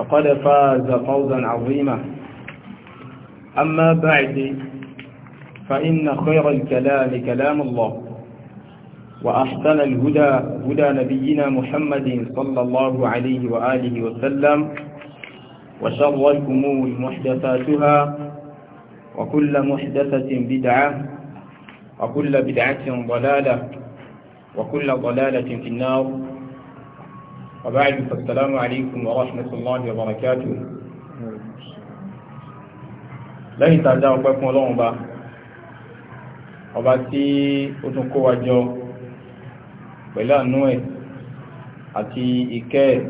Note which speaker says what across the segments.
Speaker 1: فقد فاز فوزا عظيما أما بعد فإن خير الكلام كلام الله وأحسن الهدى هدى نبينا محمد صلى الله عليه وآله وسلم وشر الأمور محدثاتها وكل محدثة بدعة وكل بدعة ضلالة وكل ضلالة في النار وبعد فالسلام عليكم ورحمة الله وبركاته lẹ́yìn tàjá ọpẹ́ fún ọlọ́run bá ọba tí ó tún kó wa jọ pẹ̀lú àánú ẹ̀ àti ìkẹ́ ẹ̀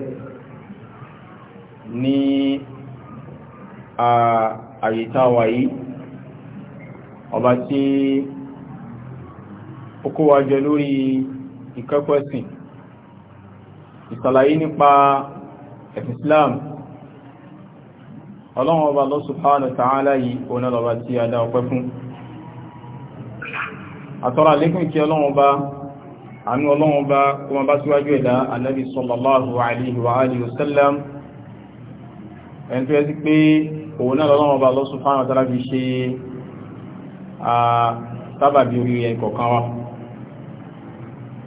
Speaker 1: ní àyíká wa yìí ọba tí ó kó wa jọ lórí ìkẹ́kọ̀ọ́ ẹ̀sìn ìsàlàyé nípa ẹ̀sìn Islam ọlọ́run ọba Allah subhanahu wa ta'ala yìí òun náà lọ́ba tí a dá ọpẹ́ fún àtọ́rọ àlékún kí ọlọ́run ọba àánú ọlọ́run ọba kó máa bá síwájú ẹ̀dá anábì sallallahu alaihi wa alihi wa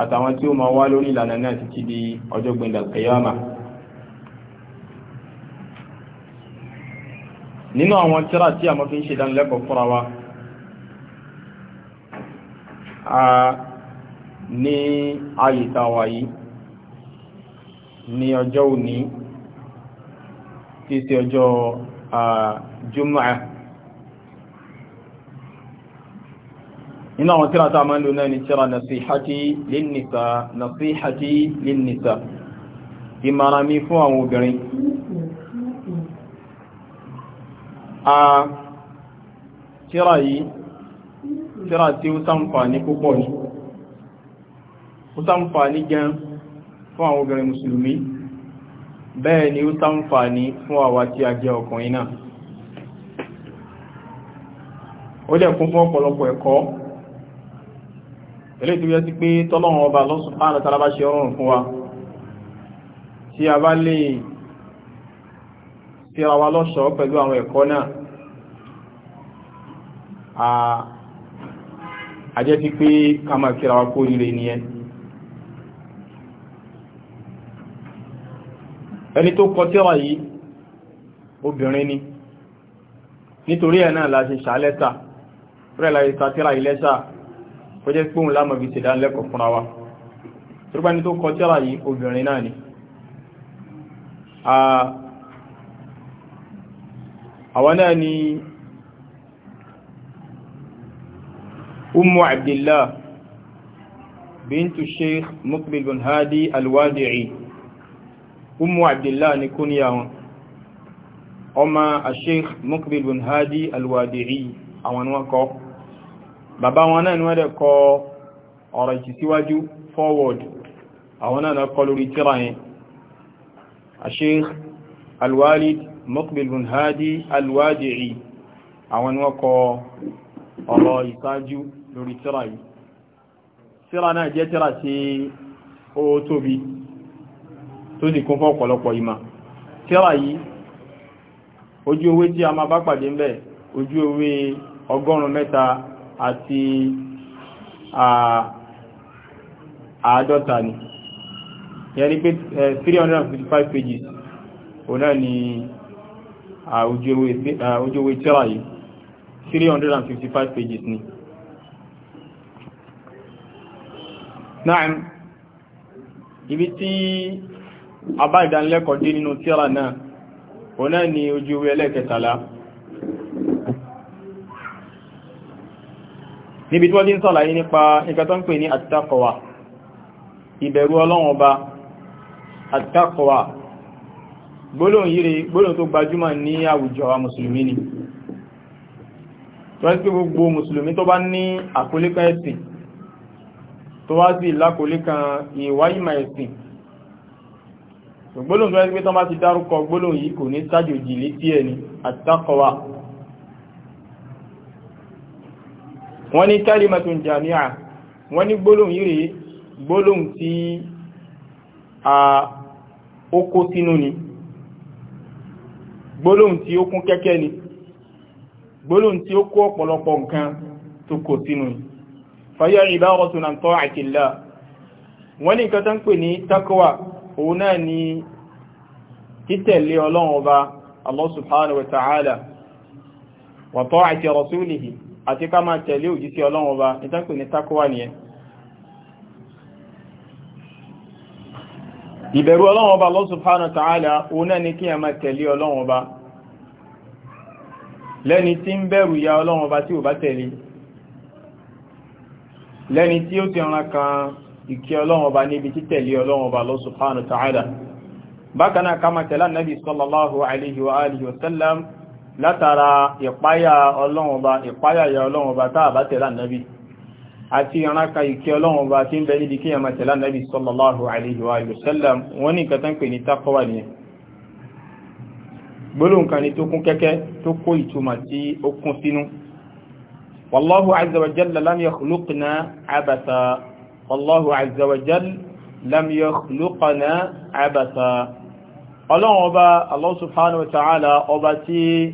Speaker 1: àtàwọn tí ó máa wá lórí ìlànà náà títí di ọjọ́ gbẹ̀ndà kẹyàmà nínú àwọn tíra tí a mọ́ fi ń ṣe dánilẹ́kọ̀ọ́ fúnra wa a ní àyíkáwà yìí ní ọjọ́ òní tí ọjọ́ jùmọ̀ nínú àwọn tíra tá a máa ń lò náà ni tíra nasihati linnisa nasihati linnisa ìmọ̀ràn mi fún àwọn obìnrin a tíra yìí tíra tí ó ṣàǹfààní púpọ̀ ní ó ṣàǹfààní gan fún àwọn obìnrin mùsùlùmí bẹ́ẹ̀ ni ó ṣàǹfààní fún àwa tí a jẹ́ ọkùnrin náà ó dẹ̀ kún fún ọ̀pọ̀lọpọ̀ ẹ̀kọ́ eléyìí tó yẹ sí pé tọ́lọ́run ọba Allah subhanahu wa ta'ala bá ṣe fún wa tí a bá lè fi ara wa lọ́ṣọ̀ọ́ pẹ̀lú àwọn ẹ̀kọ́ náà àjẹ́ ti pé ká máa kíra wa kó rire nìyẹn ẹni tó kọ tírà yìí obìnrin ni nítorí ẹ̀ náà la ṣe ṣàlẹ́ta rẹ̀ la ṣe ṣàtírà kó jẹ́ pé òun lámọ̀ bí ṣèdánilẹ́kọ̀ọ́ fúnra wa tó bá ní tó kọ tíra yìí obìnrin náà ni àwọn náà ni Ummu Abdillah bintu Sheikh Muqbil bin Hadi Al-Wadi'i Ummu Abdillah ni kúníyà wọn ọmọ Sheikh Muqbil bin Hadi al àwọn wọn kọ́ bàbá wọn náà ni wọ́n dẹ̀ kọ ọ̀rọ̀ ìtìsíwájú forward àwọn náà kọ lórí tíra yẹn Sheikh Al-Walid Muqbil bin Hadi Al-Wadi'i àwọn ni wọ́n kọ ọ̀rọ̀ ìsájú lórí tíra yìí tíra náà jẹ́ tíra tí ó tóbi tó sì kún fún ọ̀pọ̀lọpọ̀ ìmọ̀ tíra yìí ojú ewé tí a máa bá pàdé ń bẹ̀ ojú ewé ọgọ́rùn-ún mẹ́ta àti àádọ́ta ni yẹni pé 355 pages òun náà ni ojú ewé tírà yìí 355 pages ni náà ibi tí a bá ìdánilẹ́kọ̀ọ́ dé nínú tírà náà òun náà ni ojú ewé ẹlẹ́kẹtàlá níbi tí wọ́n dín sọ́lá yìí nípa nǹkan tó ń pè ní àtàkọwà ìbẹ̀rù ọlọ́run ọba àtàkọwà gbólóhùn yìí rẹ̀ gbólóhùn tó gbajúmọ̀ ní àwùjọ wa mùsùlùmí ni tó ń pè gbogbo mùsùlùmí tó bá ní àkólé kan ẹ̀sìn tó wá sí ìlákòólé kan ìwáyìmọ̀ ẹ̀sìn gbólóhùn tó ń pè tó bá ti dárúkọ gbólóhùn yìí wọ́n ní kalimatun jami'a wọ́n ní gbólóhùn yìí rèé gbólóhùn tí a ó kó sínú ni gbólóhùn tí ó kún kẹ́kẹ́ ni gbólóhùn tí ó kó ọ̀pọ̀lọpọ̀ nǹkan tó kó sínú ni fàyà ibaratun an ta'atillah wọ́n ní nǹkan tó ń pè ní takwa òun náà ni títẹ̀lé ọlọ́run ọba Allah subhanahu wa ta'ala wa ta'ati rasulihi àti ká máa tẹ̀lé òjíṣẹ́ ọlọ́run ọba ìtànkù ní takowa nìyẹn ìbẹ̀rù ọlọ́run ọba Allah subhanahu wa ta'ala òun náà ni kí a máa tẹ̀lé ọlọ́run ọba lẹ́ni tí ń bẹ̀rù ya ọlọ́run ọba tí ò bá tẹ̀lé lẹ́ni tí ó ti ran kan ìkẹ́ ọlọ́run ọba níbi títẹ̀lé ọlọ́run ọba Allah subhanahu wa ta'ala bákan náà ká máa tẹ̀lé Ànábì sallallahu alaihi wa látara ìpáyà ọlọ́run ọba ìpáyà ya ọlọ́run ọba tá àbá tẹ̀lá nẹ́bí àti ìrànká ìkẹ́ ọlọ́run ọba tí ń bẹ níbi kí ẹmà tẹ̀lá nẹ́bí sallallahu alaihi wa sallam wọ́n ní nǹkan tán pè ní tákọ́wà nìyẹn gbólóhùn kan ni tó kún kẹ́kẹ́ tó kó ìtumọ̀ tí ó kún sínú wallahu azza wa jalla lam ọlọ́run ọba Allah subhanahu wa ta'ala ọba tí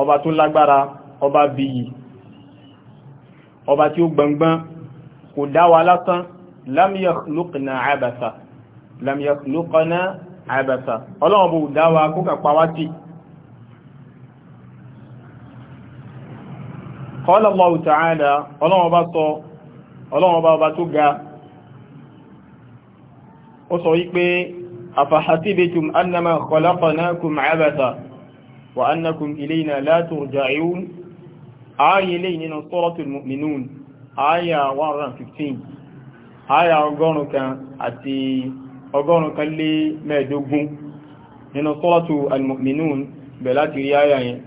Speaker 1: ọba tó lágbára ọba bìyì ọba tí ó gbọngbọ́n kò dá wa lásán lam yakhluqna abasa lam yakhluqna abasa ọlọ́run bó dá wa kó kà pa wá tì qala Allahu tó ga ó sọ wípé afahasibitum annama khalaqnakum abasa وأنكم إلينا لا ترجعون آية ليننا سورة المؤمنون آية 115 آية أغانك أتي أغانك اللي ما يدقون nínú sọ́ọ̀tù almuminun bẹ̀lá ti rí ayà yẹn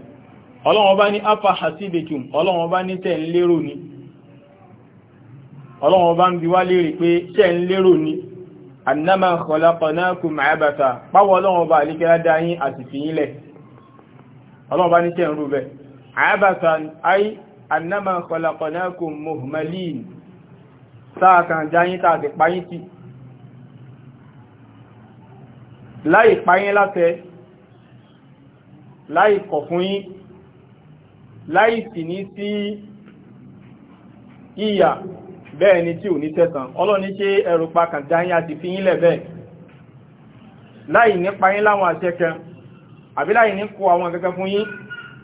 Speaker 1: ọlọ́wọ́n bá ní apá hasibetum ọlọ́wọ́n bá ní tẹ́ ń lérò ní ọlọ́wọ́n bá ń bi wá lérè pé annama khalaqnakum abata páwọ́ ọlọ́wọ́n bá àlíkẹ́lá dá yín àti ọlọ́run bá ní tẹ́ ń rú bẹ́ àyàbàtàn ayi annama khalaqnakum muhmalin sáàkàn jáyín tààdì páyín tí láì páyín látẹ láì kọ̀ fún yín láì sì ní sí ìyà bẹ́ẹ̀ ni tí ò ní tẹ́sàn ọlọ́ni ṣe ẹrù kàn jáyín àti fi yín lẹ̀ láì nípa yín láwọn àṣẹ àbíláyì ní kó àwọn kankan fún yín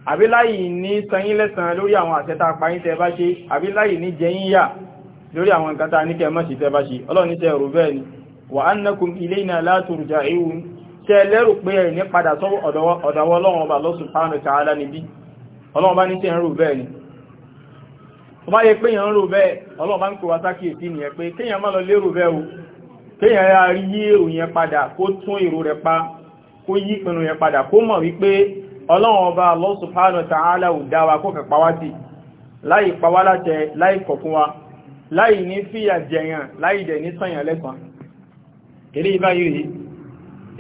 Speaker 1: àbíláyì ní sanyín lẹ́sàn lórí àwọn àtẹ́ta apáyín tẹ́ bá ṣe àbíláyì ní jẹyìn yà lórí àwọn nǹkan tá ní kẹ́ mọ́ sí tẹ́ bá ṣe ọlọ́ni tẹ́ bẹ́ẹ̀ ni wa annakum ilayna la turja'un tẹ́ lẹ́rù pé ẹ̀ ní padà sọ́wọ́ ọ̀dọ̀wọ́ ọlọ́run ọba Allah subhanahu wa ta'ala níbí ọlọ́run bá ní ni tó bá yẹ pé èèyàn ń rò bẹ́ẹ̀ ọlọ́run bá ń pè wá sákìyèsí nìyẹn pé kéèyàn má lọ lérò bẹ́ẹ̀ o kó yí pinnu yẹn padà kó mọ̀ wípé ọlọ́run ọba Allah subhanahu wa ta'ala ò dá wa kó kẹ̀ pa wá sí láì pa wá láṣẹ láì kọ̀ fún wa láì ní fìyà jẹyàn láì dẹ̀ ní sànyàn lẹ́sàn eré ìbáyìí rí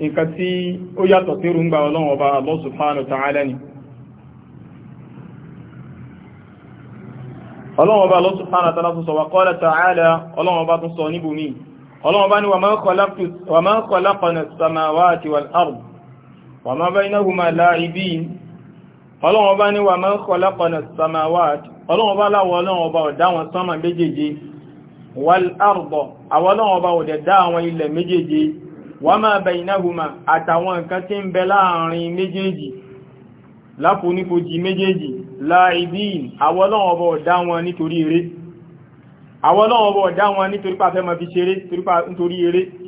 Speaker 1: nǹkan tí ó yàtọ̀ sí rúngbà ọlọ́run ọba Allah subhanahu wa ta'ala ni ọlọ́run ọba Allah subhanahu wa ta'ala tún sọ wa qala ta'ala ọlọ́run ọba tún sọ níbùmí ọlọ́run ọba ni wa ma khalaqna as-samawati wal-ard wa ma baynahuma la'ibin ọlọ́wọ́n bá ní wa ma khalaqna as-samawati ọlọ́wọ́n bá láwọ ọlọ́wọ́n bá ọ̀dá wọn sánmà méjèèje wal arda àwọn ọlọ́wọ́n bá ọ̀dẹ̀dá àwọn ilẹ̀ méjèèje wa ma baynahuma àtàwọn nǹkan tí ń bẹ láàrin méjèèjì láfonífojì méjèèjì láìbíìn àwọn ọlọ́wọ́n bá ọ̀dá wọn nítorí eré àwọn ọlọ́wọ́n bá ọ̀dá wọn nítorí pàfẹ́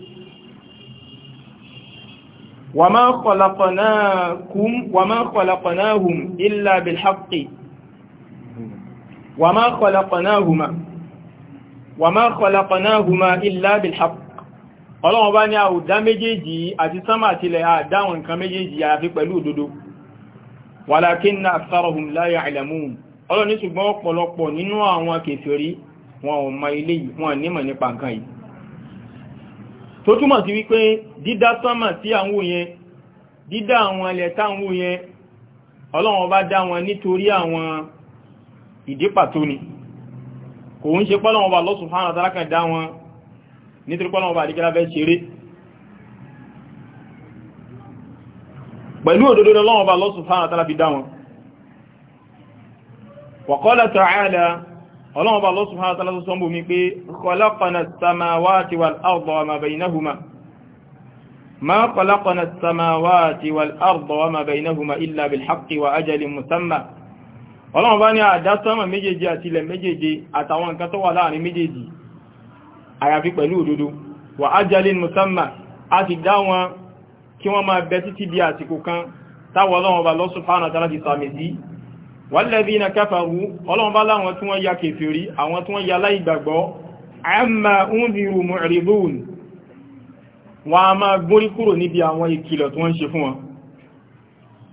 Speaker 1: وما خلقناكم وما خلقناهم إلا بالحق وما خلقناهما وما خلقناهما إلا بالحق ọlọ́run bá ní àwùdá méjèèjì àti sánmà tilẹ̀ àdáwọn nǹkan méjèèjì àyàfi pẹ̀lú òdodo walakinna aktharahum la ya'lamun ọlọ́run ní ṣùgbọ́n ọ̀pọ̀lọpọ̀ nínú àwọn kèfèrí wọn tó túmọ̀ sí wípé dídá sánmà tí à ń wò yẹn dídá àwọn ilẹ̀ tá ń wò yẹn ọlọ́run bá dá wọn nítorí àwọn ìdí pàtó ni kò ń ṣe pọ́lọ́run bá Allah subhanahu wa ta'ala kan dá wọn nítorí pọ́lọ́run bá àdíkẹ́lá fẹ́ ṣeré pẹ̀lú òdodo lọ́wọ́ bá Allah subhanahu wa ta'ala fi dá wọn wa qala ta'ala ọlọ́wọ́ba Allah subhanahu wa ta'ala sọ mú mi pé khalaqana as-samawati wal arda wa ma baynahuma ما خلقنا السماوات والأرض وما بينهما إلا بالحق وأجل مسمى ọlọ́run bá ní àdá sánmà méjèèjì àti ilẹ̀ méjèèjì àtàwọn nǹkan tó wà láàrin méjèèjì àyàfi pẹ̀lú òdodo wà ajalin musamman a ti dá wọn walladhina kafaru ọlọ́run bá láwọn tí wọ́n ya kèfèrí àwọn tí wọ́n ya láìgbàgbọ́ amma unziru mu'ridun wọn a máa gbórí kúrò níbi àwọn ìkìlọ̀ tí wọ́n ń ṣe fún wọn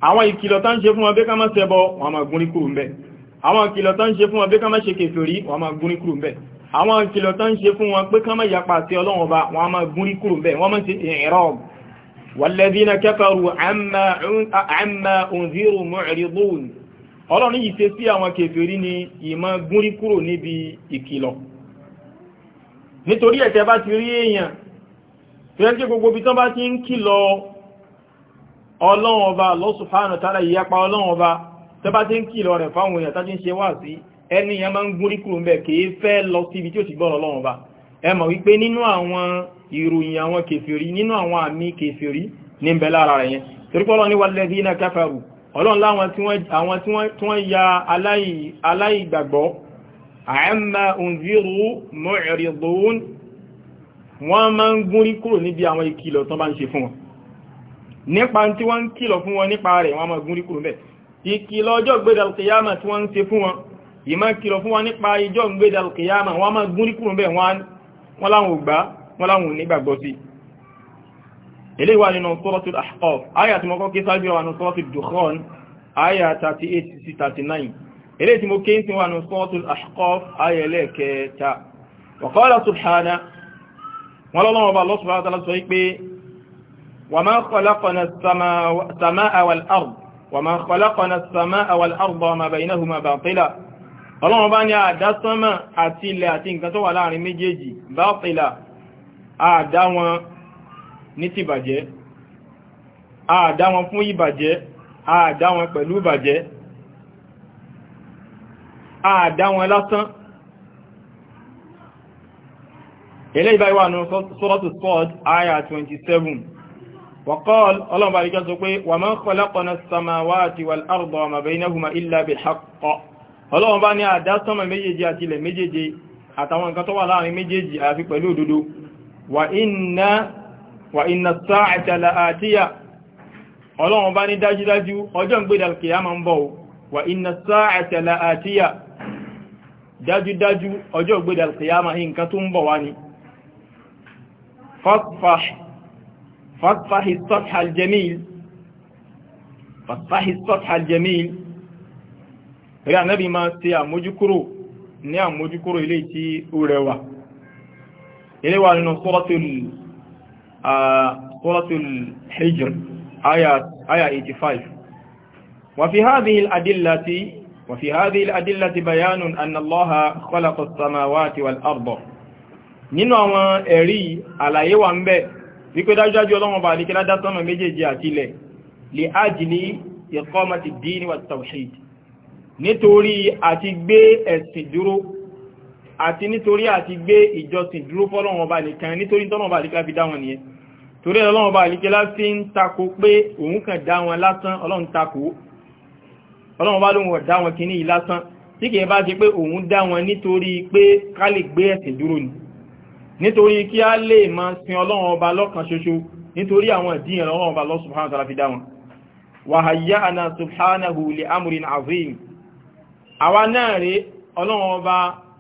Speaker 1: àwọn ìkìlọ̀ tán ṣe fún wọn bí ká má ṣẹbọ wọn máa gúnrí kúrò ń bẹ̀ àwọn ìkìlọ̀ tán ṣe fún wọn bí ká má ń ṣe fún wọn wọ́n máa ṣe i'rab walladhina kafaru amma ọlọ́run yìí ṣe sí àwọn kèfèrí ni ìmọ̀ gúnrí kúrò níbi ìkìlọ̀ nítorí ẹ̀tẹ́ bá ti rí èèyàn tó yẹ́ gbogbo bí tán bá ti ń kìlọ̀ ọlọ́run ọba Allah subhanahu wa ta'ala ìyapa ọlọ́run ọba tó bá ti ń kìlọ̀ rẹ̀ fáwọn èèyàn tá ti ń ṣe wá sí ẹni yẹn máa ń gúnrí kúrò ń bẹ̀ kìí fẹ́ lọ sí ibi wípé nínú àwọn ìròyìn àwọn kèfèrí nínú àwọn àmì kèfèrí ní ń bẹ lára rẹ̀ yẹn torípọ́lọ́ ní walladhina kafaru ọlọ́run láwọn tí wọ́n ya aláìgbàgbọ́ àẹ́mà òǹzírú mu'ridun wọ́n máa ń gúnrí kúrò níbi àwọn ìkìlọ̀ tán bá ń ṣe fún wọn nípa tí wọ́n ń kìlọ̀ fún wọn nípa rẹ̀ wọ́n máa gúnrí kúrò bẹ̀ ìkìlọ̀ ọjọ́ gbédàlùkìyàmà tí wọ́n ń ṣe fún wọn ìmá kìlọ̀ fún wọn nípa ìjọ́ gbédàlùkìyàmà wọ́n máa gúnrí kúrò ilé wà nínú suratul Ahqaf ayà tí mo kọ́ kí sáájú wà nínú suratul Dukhan ayà 38 sí 39 ilé tí mo kí sí wà nínú suratul Ahqaf ayà ẹlẹ́ẹ̀kẹta wa qala subhana wọn lọ́lọ́wọ́ bá lọ́sùn bá sọ pé wa ma khalaqna as-samaa wal-ard wa ma khalaqna as-samaa wal-ard wa ní ti bàjẹ́ àdá wọn fún ìbàjẹ́ àdá wọn pẹ̀lú ìbàjẹ́ àdá wọn lásán ilé ìbá ìwà náà sọ́rọ̀tù sport aya 27 wàkọ́l ọlọ́mbà ìjọ́ sọ pé wà mọ́ kọlọ́kọ́nà samawati wal arda ma bainahuma illa bil haqq ọlọ́mbà ní àdá sánmà méjèèjì àti ilẹ̀ méjèèjì àtàwọn nǹkan tó wà láàrin méjèèjì àfi pẹ̀lú òdodo wà inna wà iná sáàtà láàtíyà ọlọ́run bá ní dájúdájú ọjọ́ ń gbédà kìyàmà ń bọ̀ wà iná sáàtà láàtíyà dájúdájú ọjọ́ gbédà kìyàmà nǹkan tó ń bọ̀ wá ni fasfahi sọ́tà aljamil fasfahi sọ́tà ní àmójúkúrò ilé tí nínú suratul سورة الحجر آية, آية 85 وفي هذه الأدلة وفي هذه الأدلة بيان أن الله خلق السماوات والأرض nínú àwọn ẹ̀rí àlàyé wà ń bẹ̀ wípé dájúdájú ọlọ́run bá àdíkẹ́lá dátọ́nà méjèèjì àti ilẹ̀ lè ájìlì iqamati ddin wat tawhid nítorí àti gbé ẹ̀sìn dúró àti nítorí àti gbé ìjọsìn dúró fọ́lọ́wọ́n ọba nìkan nítorí tọ́nà ọba àríkà fi dá wọn nìyẹn torí ọlọ́run ọba àríkà láti ń takò pé òun kàn dá wọn lásán ọlọ́run takò ọlọ́run ọba lóhun ọ̀dá wọn kìíní yìí lásán tí kìí bá ti pé òun dá wọn nítorí pé ká lè gbé ẹ̀sìn dúró ni nítorí kí á lè máa sin ọlọ́run ọba lọ́kan ṣoṣo nítorí àwọn ìdíyàn ọlọ́run ọba lọ́sùn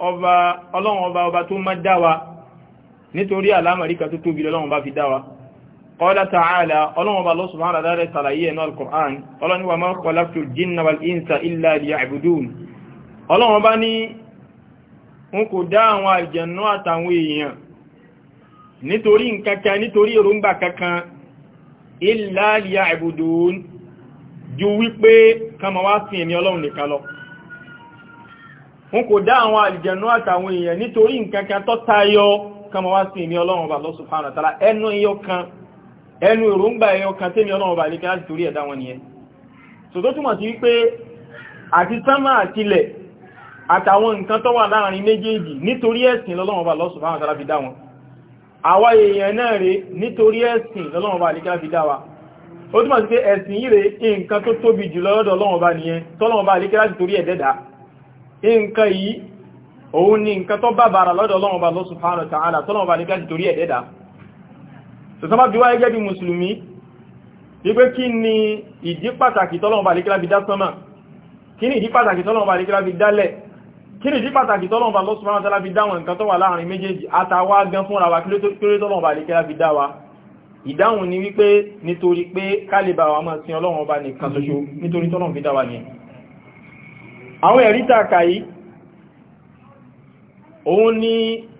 Speaker 1: ọba ọlọ́run ọba ọba tó má dáwa nítorí àlámọ̀rí kan tó tóbi lọ́lọ́run bá fi dáwa qala ta'ala ọlọ́run ọba lọ́sùn máa rádá rẹ̀ sàlàyé ẹ̀nà al-Qur'an ọlọ́run wa ma khalaqtul jinna wal insa illa liya'budun ọlọ́run ọba ní n kò dá àwọn àlùjànnú àtàwọn èèyàn nítorí nǹkankan nítorí wọn kò dá àwọn àlìjẹ̀nú àtàwọn èèyàn nítorí nǹkan kan tó tayọ kama wá sí ìní ọlọ́run ọba Allah subhanahu wa ta'ala ẹnu ẹyọ kan ẹnu èròǹgbà ẹyọ kan tẹ́mi ọlọ́run ọba àlìkẹ́ láti torí ẹ̀dá wọn nìyẹn so tó túmọ̀ sí wípé àti sánmà àtilẹ̀ àtàwọn nǹkan tó wà láàrin méjèèjì nítorí ẹ̀sìn lọ́lọ́run ọba Allah subhanahu wa ta'ala fi dá wọn àwa èèyàn náà rèé nítorí ẹ̀sìn lọ́lọ́run ọba àlìkẹ́ láti fi dá wa ó túmọ̀ sí pé ẹ̀sìn yìí rèé nǹkan tó tóbi jùlọ lọ́dọ̀ ọlọ́run ọba nìyẹn tọ́lọ́run ọba àlìkẹ́ láti torí ẹ̀dẹ́dàá nǹkan yìí òun ni nǹkan tó bá bàrà lọ́dọ̀ Ọlọ́run Ọba Allah subhanahu wa ta'ala tọ́lọ́run Ọba ní káàkiri torí ẹ̀dẹ́dà sọ́tọ́bá bí wáyé gẹ́gẹ́ bí mùsùlùmí wípé kí ni ìdí pàtàkì tọ́lọ́run Ọba lékílá fi dá sánmà kí ni ìdí pàtàkì tọ́lọ́run Ọba lékílá fi dálẹ̀ kí ni ìdí pàtàkì tọ́lọ́run Ọba Allah subhanahu wa ta'ala fi dá nǹkan tó wà láàrin méjèèjì àtàwà gan fúnra wa kí ló tọ́lọ́run Ọba lékílá fi dá wa ìdáhùn ni wípé nítorí pé kálíbà wa máa sin Ọlọ́run Ọba nìkan ṣoṣo nítorí tọ́lọ́run fi dá wa nìyẹn àwọn ẹ̀rí tààkà yìí òun ni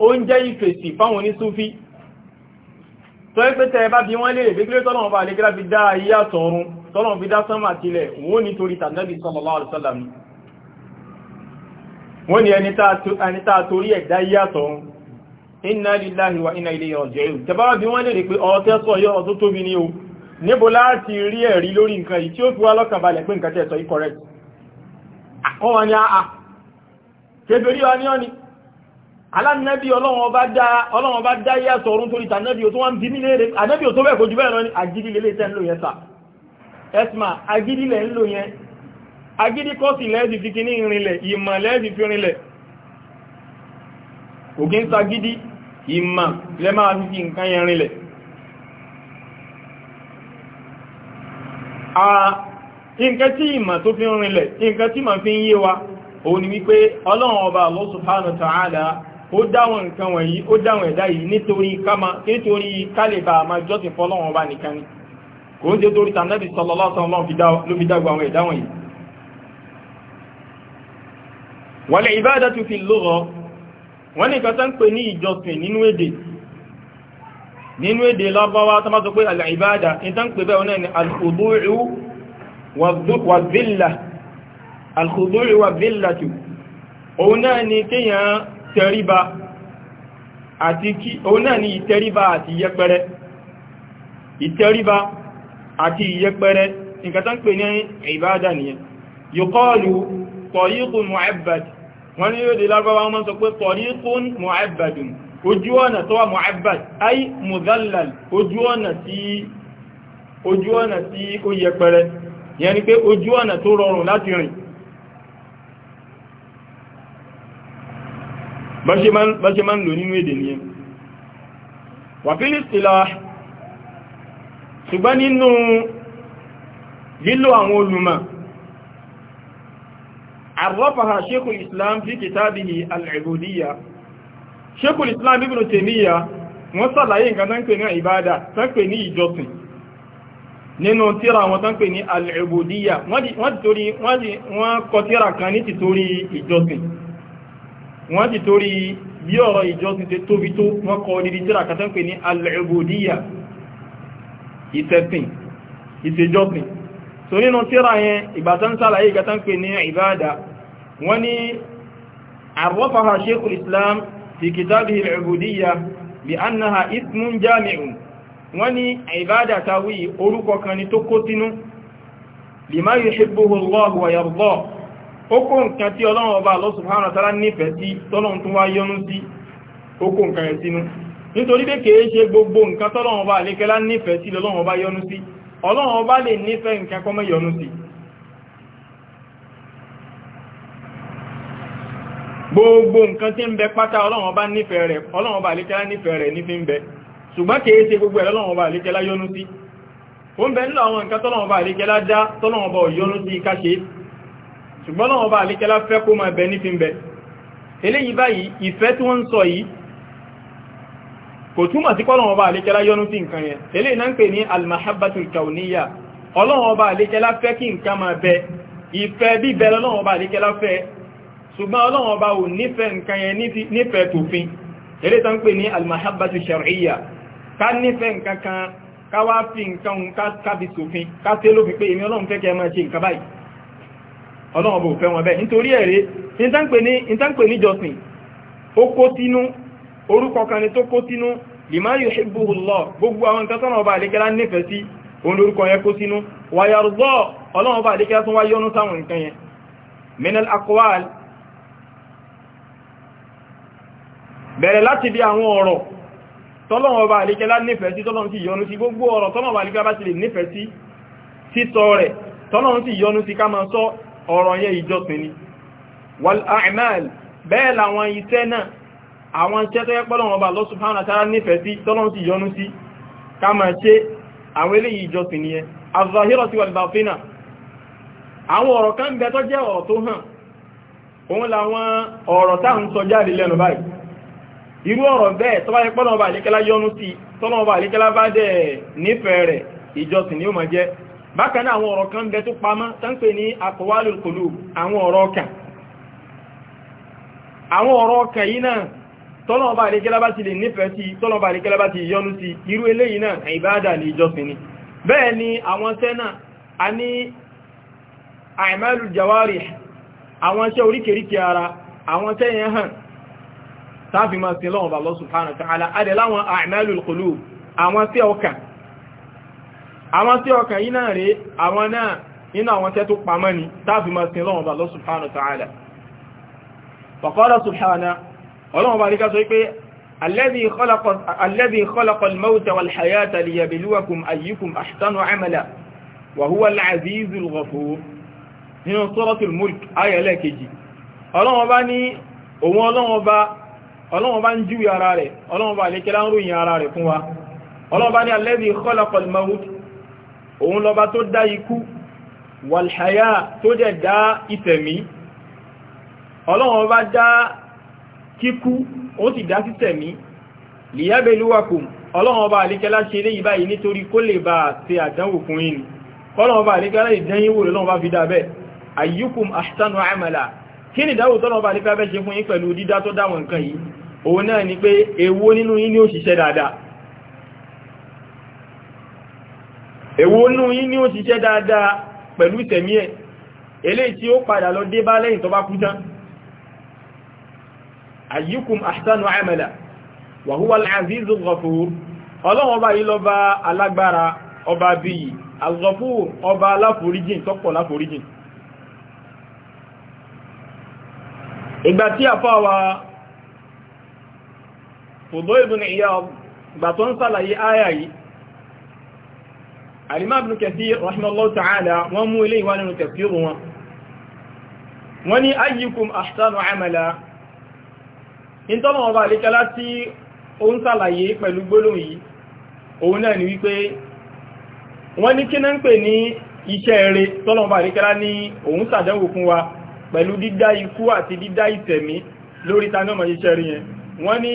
Speaker 1: ó ń jẹ́ ìfèsì fáwọn onísúfí tó ẹ́ pẹ́tẹ́ bá bí wọ́n lè rẹ̀ gbígbé tọ́lọ̀ bá lè gíra fi dá ayé àtọ̀run tọ́lọ̀ fi dá sánmà tilẹ̀ wọ́n ni torí tàbí sallallahu wa inna ilayhi raji'un tẹbára bí wọ́n lè rẹ̀ pé ọ̀tẹ́ sọ yọ́ ọ̀tọ́ tóbi ní o níbo láti rí ẹ̀rí lórí wọ́n ah, ah, ni àà kèbèrí wa ní ọ́ ni alánẹ́bí ọlọ́wọ́n bá dá yẹ́ sọ̀rún torí tànẹ́bí o tó wọ́n bí nílé rẹ̀ anẹ́bí o tó bẹ́ẹ̀ kojú bẹ́ẹ̀ rọ́ni agídílé lè tẹ́ńlò yẹn sà ẹ̀sìmà agídílé ń lò yẹn agídí kọ́sì lẹ́ẹ̀dì fi kí ní ìrìnlẹ̀ ìmọ̀ lẹ́ẹ̀dì fi rinlẹ̀ ògín nǹkan tí ìmọ̀ tó fi ń rinlẹ̀ nǹkan ma fi ń yé wa òun ni wípé ọlọ́run ọba Allah subhanahu ta'ala ó dáwọn nǹkan wọ̀nyí ó dáwọn ẹ̀dá yìí nítorí kama nítorí ma jọ́sìn fọ́lọ́run ọba nìkan ni kò ń jẹ́ torí al ibada wàzílà alkhuduri wàzílà tù òun náà ni kíyàn tẹríba àti kí òun náà ni ìtẹríba àti yẹpẹrẹ ìtẹríba àti ìyẹpẹrẹ nǹkan tán pè ní ìbáadà nìyẹn yuqalu tariqun mu'abbad wọ́n ní yóò dé lágbàwà wọ́n sọ pé tariqun mu'abbadun ojú ọ̀nà tó wà mu'abbad ay ojú ọ̀nà tí ó yẹpẹrẹ yẹn ni pé ojú ọ̀nà tó rọrùn láti rìn bọ́ṣe máa ń lò nínú èdè nìyẹn wàfílì sílá ṣùgbọ́n nínú lílò àwọn olùmọ̀ àrọ́fàá ṣékùl islam fi kìtàbí al'ibudiyya ṣékùl islam ibn tèmíyà wọ́n sàlàyé nǹkan tán pè ní ìbádà tán pè ní ìjọsìn nínú tíra àwọn tán pè ní al'ubudiyya wọ́n torí wọ́n kọ tíra kan ní ti torí ìjọsìn wọ́n ti torí bí ọ̀rọ̀ ìjọsìn tẹ tóbi tó wọ́n kọ nídi tíra kan tán pè ní al'ubudiyya ìtẹ̀sìn ìṣèjọsìn so nínú tíra yẹn ìgbàtán sálàyé ìgbàtán pè ní ìbáadà wọ́n ni àrọ́fàhà sheikhul islam fi kitabihi al'ubudiyya bi annaha ismun jami'un wọ́n ní ìbádà tàwí orúkọ kan ni tó kó sínú lima yuhibbuhu Allahu wa yardah ó kó nǹkan tí ọlọ́run ọba Allah subhanahu wa ta'ala nífẹ̀ẹ́ sí tọ́lọ́run tún wá yọ́nú sí ó kó nǹkan rẹ̀ sínú nítorí pé kèé ṣe gbogbo nǹkan tọ́lọ́run ọba àlékẹ́lá nífẹ̀ẹ́ sí lọ́lọ́run ọba yọ́nú sí ọlọ́run ọba lè nífẹ̀ẹ́ nǹkan kọ́mọ́ yọ́nú sí gbogbo nǹkan tí ń bẹ pátá ọlọ́run ọba nífẹ̀ẹ́ rẹ̀ ọlọ́run ọba àlékẹ́lá nífẹ̀ẹ́ rẹ̀ nífẹ̀ẹ́ ṣùgbọ́n kìí ṣe gbogbo ẹ̀lọ́lọ́wọ́ bá àlékẹ́lá yọ́nú sí o ń bẹ nílò àwọn nǹkan tọ́lọ́wọ́ bá àlékẹ́lá dá tọ́lọ́wọ́ bá yọ́nú sí káṣe ṣùgbọ́n lọ́wọ́ bá àlékẹ́lá fẹ́ kó máa bẹ nífin bẹ eléyìí báyìí ìfẹ́ tí wọ́n ń sọ yìí kò túmọ̀ sí kọ́lọ́wọ́ bá àlékẹ́lá yọ́nú sí nǹkan yẹn eléyìí náà ń pè ní almahabbatul kauniya ọlọ́wọ́ bá àlékẹ́lá fẹ́ kí nǹkan máa bẹ ìfẹ́ bíbẹ lọ́wọ́ bá àlékẹ́lá fẹ́ ṣùgbọ́n ọlọ́wọ́ bá ò nífẹ̀ẹ́ nǹkan yẹn nífẹ̀ẹ́ tòfin eléyìí tó ń pè ní almahabbatu shar'iyya ká nífẹ̀ẹ́ nǹkan kan ká wá fi nǹkan kábi sòfin ká tẹ́ lófin pé èmi ọlọ́run fẹ́ kẹ́ ṣe nǹkan báyìí ọlọ́run bò fẹ́ wọn bẹ́ẹ̀ nítorí ẹ̀rẹ́ ìtànpè kó sínú orúkọ kan ni tó kó sínú gbogbo àwọn tọ́lọ́wọ́ bá àríkẹ́lá nífẹ̀ẹ́ sí tọ́lọ́wọ́ sí yọnu sí gbogbo ọ̀rọ̀ tọ́lọ́wọ́ bá àríkẹ́lá bá ti lè nífẹ̀ẹ́ sí sísọ rẹ̀ tọ́lọ́wọ́ sí yọnu sí ká máa sọ ọ̀rọ̀ yẹn ìjọsìn ni wal a'mal bẹ́ẹ̀ làwọn iṣẹ́ náà àwọn iṣẹ́ tó yẹ pọ́lọ́wọ́ bá Allah subhanahu wa ta'ala nífẹ̀ẹ́ sí tọ́lọ́wọ́ sí yọnu sí ká máa ṣe àwọn eléyìí ìjọsìn ọ̀rọ̀ táà ń sọ jáde lẹ́nu báyìí irú ọ̀rọ̀ bẹ́ẹ̀ tó bá yẹ pọ́nà ọba àlékẹ́lá yọ́nú sí tọ́nà ọba àlékẹ́lá bá dẹ̀ nífẹ̀ẹ́ rẹ̀ ìjọsìn ni ó máa jẹ́ bákan náà àwọn ọ̀rọ̀ kan bẹ tó pamọ́ tánpé ní aqwalul qulub àwọn ọ̀rọ̀ ọkàn àwọn ọ̀rọ̀ ọkàn yìí náà tọ́nà ọba àlékẹ́lá bá ti lè táàfi máa sin lọ́wọ́ Allah subhanahu wa ta'ala adẹ̀ láwọn a'malul qulub àwọn tí ọkàn àwọn tí ọkàn yìí náà rẹ̀ àwọn náà iná àwọn tẹ́ tó pàmọ́ ni táàfi máa sin lọ́wọ́ Allah subhanahu wa ta'ala faqala subhanahu ọlọ́wọ́ bá ríká sọ pé alladhi khalaqa alladhi khalaqa al-mawta ọlọ́run bá ń júwe ara rẹ̀ ọlọ́run bá àlékẹ́lá ń ròyìn ara rẹ̀ fún wa ọlọ́run bá ní alladhi khalaqal maut òun lọba tó dá ikú wàlhàyà tó jẹ́ dá ìtẹ̀mí ọlọ́run bá dá kíkú ó sì dá títẹ̀mí liyabluwakum ọlọ́run bá àlékẹ́lá ṣe lé ìbáyìí nítorí kó lè bá ṣe àdánwò fún yín ni amala kí ni dáwò tọ́lọ́run bá àlékẹ́lá fẹ́ ṣe fún yín pẹ̀lú dídá tó dáwọn nǹkan yìí òun náà ni pé èwo nínú yín ni ó dáadáa èwo nínú o ni ó dáadáa pẹ̀lú ìtẹ̀mí ẹ̀ tí ó padà lọ dé bá lẹ́yìn tó bá kú tán ayyukum ahsanu amala wa huwa al-azizu ghafur ọlọ́run ọba yìí lọ́ba alágbára ọba bíyì ọba aláforíjìn tọ́pọ̀ ìgbà tí àfáwà Fudail ibn Iyad gbà tó ń sàlàyé áyà yìí Al-Imam Ibn Kathir rahimahullahu ta'ala wọ́n mú ilé ìwá nínú tafsir wọn wọ́n ní ayyukum ahsanu amala in tọ́nà ọba àlékẹ́lá tí ó ń sàlàyé pẹ̀lú gbólóhùn yìí òun náà ni wípé wọ́n ní kí náà ń pè ní iṣẹ́ eré tọ́nà ọba àlékẹ́lá ní òun sàdánwò fún wa pẹ̀lú dídá ikú àti dídá ìtẹ̀mí lórí ta iṣẹ́ rí yẹn wọ́n ní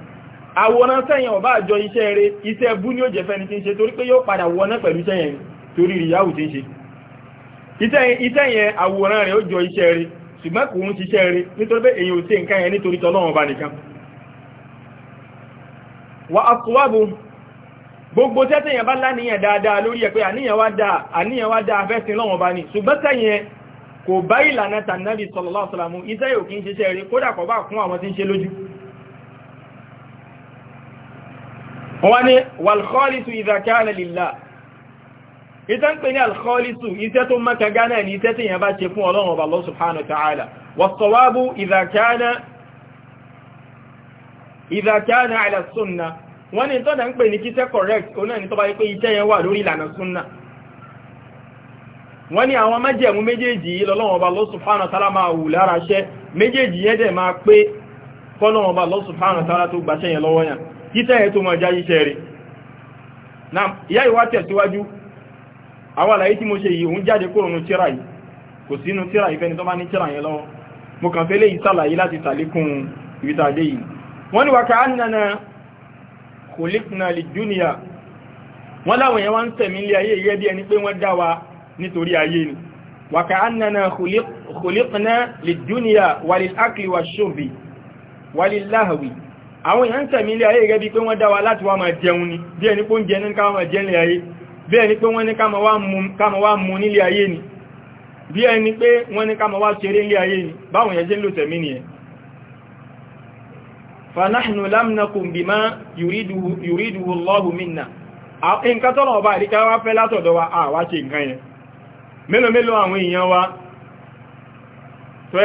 Speaker 1: àwòrán sẹ́yìn ọba àjọ iṣẹ́ rẹ̀ iṣẹ́ bú ní ó jẹ́ fẹ́ni tí ń ṣe torí pé yóò padà wọná pẹ̀lú iṣẹ́ yẹn torí ìyáwó tí ń ṣe iṣẹ́ yẹn àwòrán rẹ̀ ó jọ iṣẹ́ rẹ̀ ṣùgbọ́n kò ń ṣiṣẹ́ rẹ̀ nítorí pé èyí ò ṣe nǹkan yẹn nítorí tọ́lọ́wọ́n bá nìkan wa àtúwàbù gbogbo tẹ́tẹ̀ yẹn bá sallallahu alaihi wasallam iṣẹ́ yóò kí ń ṣiṣẹ́ rẹ̀ kódà kò bá wọ́n ní walkhalisu idha kana lillah ìtẹ́ ń pè ní alkhalisu iṣẹ́ tó maka gánà ní iṣẹ́ tí yẹn bá ṣe fún ọlọ́run ọba Allah subhanahu wa ta'ala was-sawabu idha kana idha kana ala sunna wọ́n ní tọ́dà ń pè ní kíṣẹ́ correct oná ní tọ́bá pé iṣẹ́ yẹn wà lórí ìlànà sunna wọ́n ní àwọn májẹ̀mú méjèèjì lọ́lọ́run ọba Allah subhanahu wa ta'ala máa wù lára ṣẹ́ méjèèjì yẹn dẹ̀ máa pé kọ́lọ́run ọba Allah subhanahu wa ta'ala tó gbàṣẹ́ yẹn lọ́wọ́ yẹn títẹ́ ẹ̀ tó mọ̀ já yíṣẹ́ rẹ̀ na ìyá ìwá tẹ̀síwájú àwọn àlàyé tí mo ṣe yìí òun jáde kúrò nínú tíra yìí kò sínú tíra yìí fẹ́ni tó bá ní tíra yẹn lọ́wọ́ mo kàn fẹ́ léyìí sàlàyé láti sàlékún ìrítàdé yìí wọ́n ni wàkà ánìyàn kòlíkùnà lè júnìyà wọ́n láwọn èèyàn wá ń tẹ̀mí ilé ayé àwọn èèyàn tẹ̀mí ilé ayé gẹ́bí pé wọ́n dáwà láti wá máa jẹun ni bí ẹni pé oúnjẹ ní ká máa jẹun lè ayé bí ẹni pé wọ́n ní ká máa wá mu nílé ayé ni bí ẹni pé wọ́n ní ká máa wá ṣeré nílé ayé ni báwọn yẹn jẹ́ ló tẹ̀mí ni ẹ fanahnu lam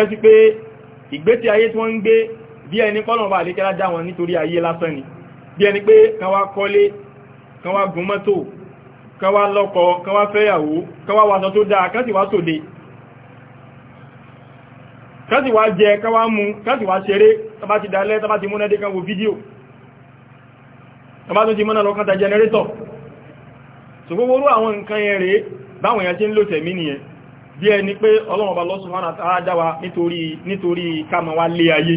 Speaker 1: ọba wa bí ẹni kọ́lọ̀ bá àdékẹ́lá já wọn nítorí ayé lásán ni bí ẹni pé kan wá kọ́lé kan wá gun mọ́tò kan wá lọ́kọ kan wá fẹ́yàwó kan wá tó dáa kan sì wá tòde kan sì wá jẹ kan wá mu kan sì wá ṣeré tọba ti dalẹ́ tọba ti múnádé kan wo fídíò tọba tó ti mọ́nà lọ́kàn ta jẹnẹrétọ̀ so gbogbo orú àwọn nǹkan yẹn rèé báwọn èèyàn ti ń lò tẹ̀mí nìyẹn bí ẹni pé Ọlọ́run Ọba Allah subhanahu wa nítorí nítorí wá lé ayé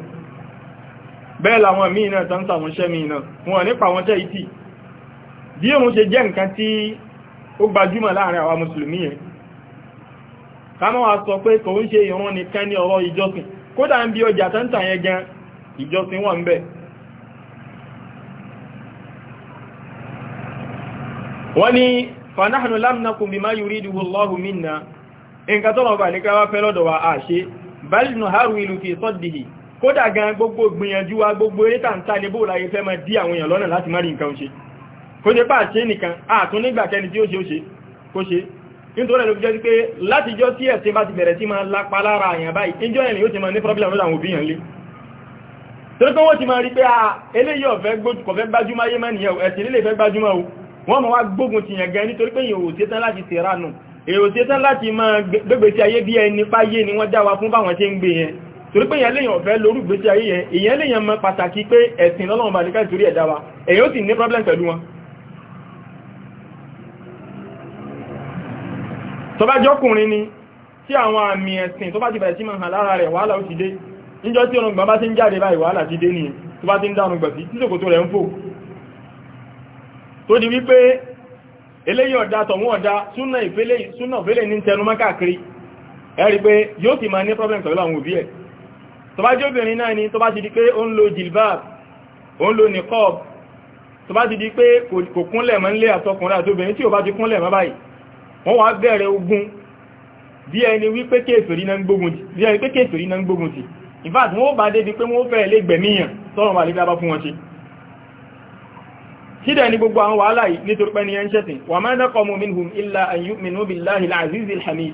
Speaker 1: bẹ́ẹ̀ làwọn míì náà tán sàwọn iṣẹ́ míì náà wọn nípa wọn tẹ́ ìtì bí òun ṣe jẹ́ nǹkan tí ó gbajúmọ̀ láàrin àwa mùsùlùmí yẹn ká mọ́ wa sọ pé kò ń ṣe ìrun nìkan ní ọ̀rọ̀ ìjọsìn kódà ń bí ọjà tẹ́ntà yẹn gan ìjọsìn lam Allahu minna nǹkan tọ́lọ̀ bà kódà gan gbogbo gbìyànjú wa gbogbo eré tàǹtà ní bóòlà ayé fẹ́ máa dí àwọn èèyàn lọ́nà láti má rí nǹkan ṣe kó ṣe pàà ṣe nìkan àtún nígbà kẹni tí ó ṣe ó ṣe kó ṣe nítorí ẹ̀lú jẹ́ pé látijọ́ tí ẹ̀sìn bá ti bẹ̀rẹ̀ sí máa lápá lára àyàn báyìí níjọ́ ẹ̀lú yóò ti máa ní problem lọ́dọ̀ àwọn òbí yàn lé torí pé wọ́n ti máa rí pé ah, eléyìí ọ̀fẹ́ kọ̀fẹ́ gbájúmọ́ ayé máa o wọ́n máa wá gbógun ti yàn gan nítorí pé èèyàn ò ṣetán láti tẹ̀ránù èèyàn ò ṣetán láti máa gbégbèsí ayé bí ẹni páyé ni wọ́n dá wa fún báwọn ṣe ń torí pé ìyẹn lèyàn ọ̀fẹ́ lórú gbésí ayé yẹn ìyẹn lèyàn mọ̀ pàtàkì pé ẹ̀sìn lọ́lọ́run bá ní káì torí ẹ̀dá wa èyàn ó sì ní problem pẹ̀lú wọn tó bá jọ́kùnrin ni tí àwọn àmì ẹ̀sìn tó bá ti bẹ̀rẹ̀ sí máa hàn lára rẹ̀ wàhálà ó ti dé níjọ́ tí ọ̀rùngbọ̀n bá ti ń jáde báyìí wàhálà ti dé ní tó bá ti ń dánù gbẹ̀sí tí sòkòtò rẹ̀ ń fò tó di wípé eléyìí ọ̀dá tọ̀wọ́n ọ̀dá súnà ìfẹ́lẹ̀ ní tẹnumọ́ káàkiri ẹ̀rí pé yóò ti máa ní problem pẹ̀lú àwọn òbí ẹ̀ tó bá jẹ́ obìnrin náà ni tó bá ti di pé ó ń lo jilbab ó ń lo niqab tó bá ti di pé kò kúnlẹ̀ mọ́ nílé àtọkùnrin àti obìnrin tí ò bá ti kúnlẹ̀ mọ́ báyìí wọ́n wá bẹ̀rẹ̀ ogun bí ẹni wípé kéèfèrí náà ń gbógun tì in fact wọ́n bá débi pé wọ́n fẹ́ẹ̀ lé gbẹ̀míyàn tọ́rọ wà lébá bá fún wọn ṣe ṣídẹ̀ ni gbogbo àwọn wàhálà yìí nítorí pé ní ẹn ṣẹ̀sìn wa ma naqamu minhum illa an yu'minu billahi al-'azizil hamid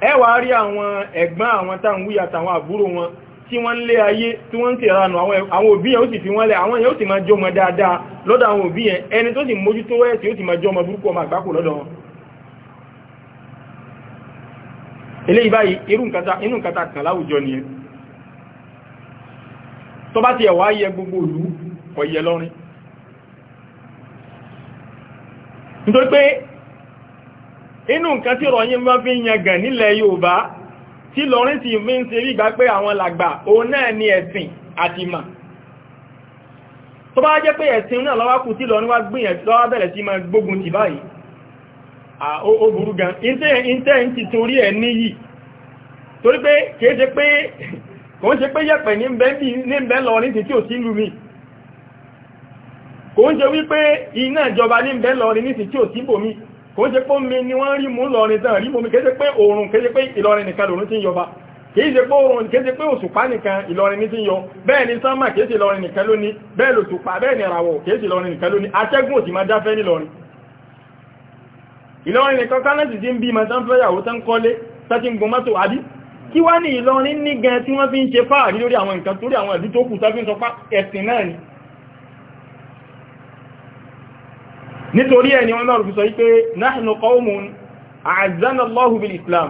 Speaker 1: e wá rí àwọn ẹ̀gbọ́n àwọn táwọn wúyà àtàwọn àbúrò wọn tí wọ́n ń lé ayé tí wọ́n ń tè ránù àwọn òbí yẹn ó sì fi wọ́n lẹ̀ àwọn yẹn ó sì máa jọmọ dáadáa lọ́dọ̀ àwọn òbí yẹn ẹni tó sì mójútó ẹ̀ tí ó sì máa ọmọ àgbákò lọ́dọ̀ wọn inú nǹkan tí ròyìn mọ́ fi ń yangàn nílẹ̀ Yorùbá tí lọrin sì fi ń ṣe rí gbá pé àwọn làgbà òun náà ni ẹ̀sìn àti ìmọ̀ tó bá jẹ́ pé ẹ̀sìn náà lọ́wọ́ kù tí lọrin wá gbìyànjú lọ́wọ́ bẹ̀rẹ̀ sí máa gbógun ti báyìí ó burú gan intẹ́ ń ti torí ẹ̀ níyì torí pé kìí ṣe pé kò ń ṣe pé yẹ̀pẹ̀ ní bẹ́ lọrin tí ò sí lumi kò kò ṣe pé omi ni wọ́n rí mú lọrin tán rí mọ́mí kéṣe pé oòrùn kéṣe pé ìlọrin nìkan lòrún tí ń yọba kìí ṣe pé oòrùn kéṣe pé òṣùpá nìkan ìlọrin ní tí ń yọ bẹ́ẹ̀ ni sánmà kéṣe lọrin nìkan lóní bẹ́ẹ̀ lòṣùpá bẹ́ẹ̀ ni àràwọ̀ kéṣe lọrin nìkan lóní òsì máa ìlọrin nìkan ti ń bí màtán fẹ́yàwó tán kọ́lé tẹ́tí ń àbí kí wá ní ìlọrin nítorí ẹni Umar fi sọ wípé nahnu qawmun a'azzana Allahu bil Islam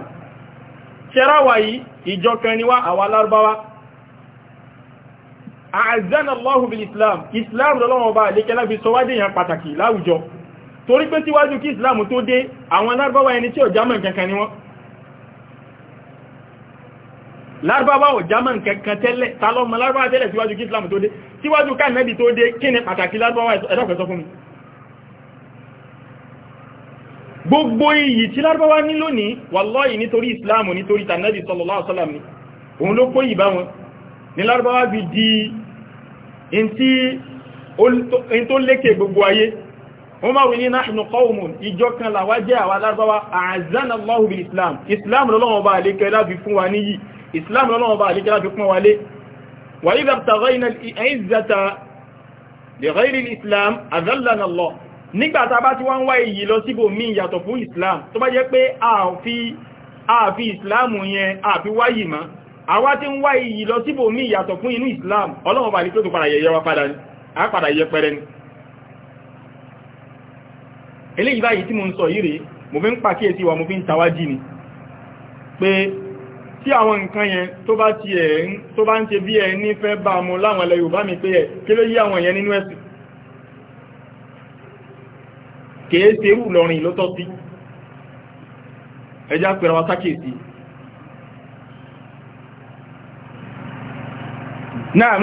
Speaker 1: ṣẹ́ráwà yìí ìjọ kan ni wá àwa lárúbáwá a'azzana Allahu bil Islam Islam lọ́lọ́wọ́ bá lékẹ́lá fi sọ wádé yàn pàtàkì láwùjọ torí pé tíwájú kí Islam tó dé àwọn lárúbáwá ẹni tí ò jámọ̀ kankan ni wọ́n lárúbáwá ò jámọ̀ kankan tẹ́lẹ̀ tálọ́mọ lárúbáwá tẹ́lẹ̀ tíwájú kí Islam gbogbo iyì tí lárúbáwá ní lónìí wàlọ́yì nítorí islam nítorí tànàbí sallallahu alaihi wasallam ni òun ló kó ìbá wọn ní lárúbáwá bí di in tó lékè gbogbo ayé wọ́n máa wí ní nahnu qawmun ìjọ kan làwá jẹ́ àwà lárúbáwá a'azzana Allahu bil islam islam lọ́lọ́wọ́ bá àlékẹ́ láfi fún wa níyì islam lọ́lọ́wọ́ bá nígbàtà bá ti wá ń wá èyí lọ síbò mí yàtọ̀ fún islam tó bá jẹ́ pé ààfi islam yẹn àfi wáyì má àwa tí ń wá èyí lọ síbò mí yàtọ̀ fún inú islam ọlọ́run bá ní tó tó padà yẹ̀yẹ́ wa padà ní àpàdà yẹpẹrẹ ni eléyìí báyìí tí mo ń sọ yìí rèé mo fi ń pàkíyèsí wa mo fi ń tawájì ni pé tí àwọn nǹkan yẹn tó bá ti ẹ̀ tó bá ń ṣe bí ẹ nífẹ́ bá mú láwọn ilẹ̀ Yorùbá mi pé ẹ kí ló yí àwọn yẹn nínú ẹ̀sìn kèé ṣe irú lọrin ló tọ́ sí ẹjá pẹ̀rọ wa sákèsí náà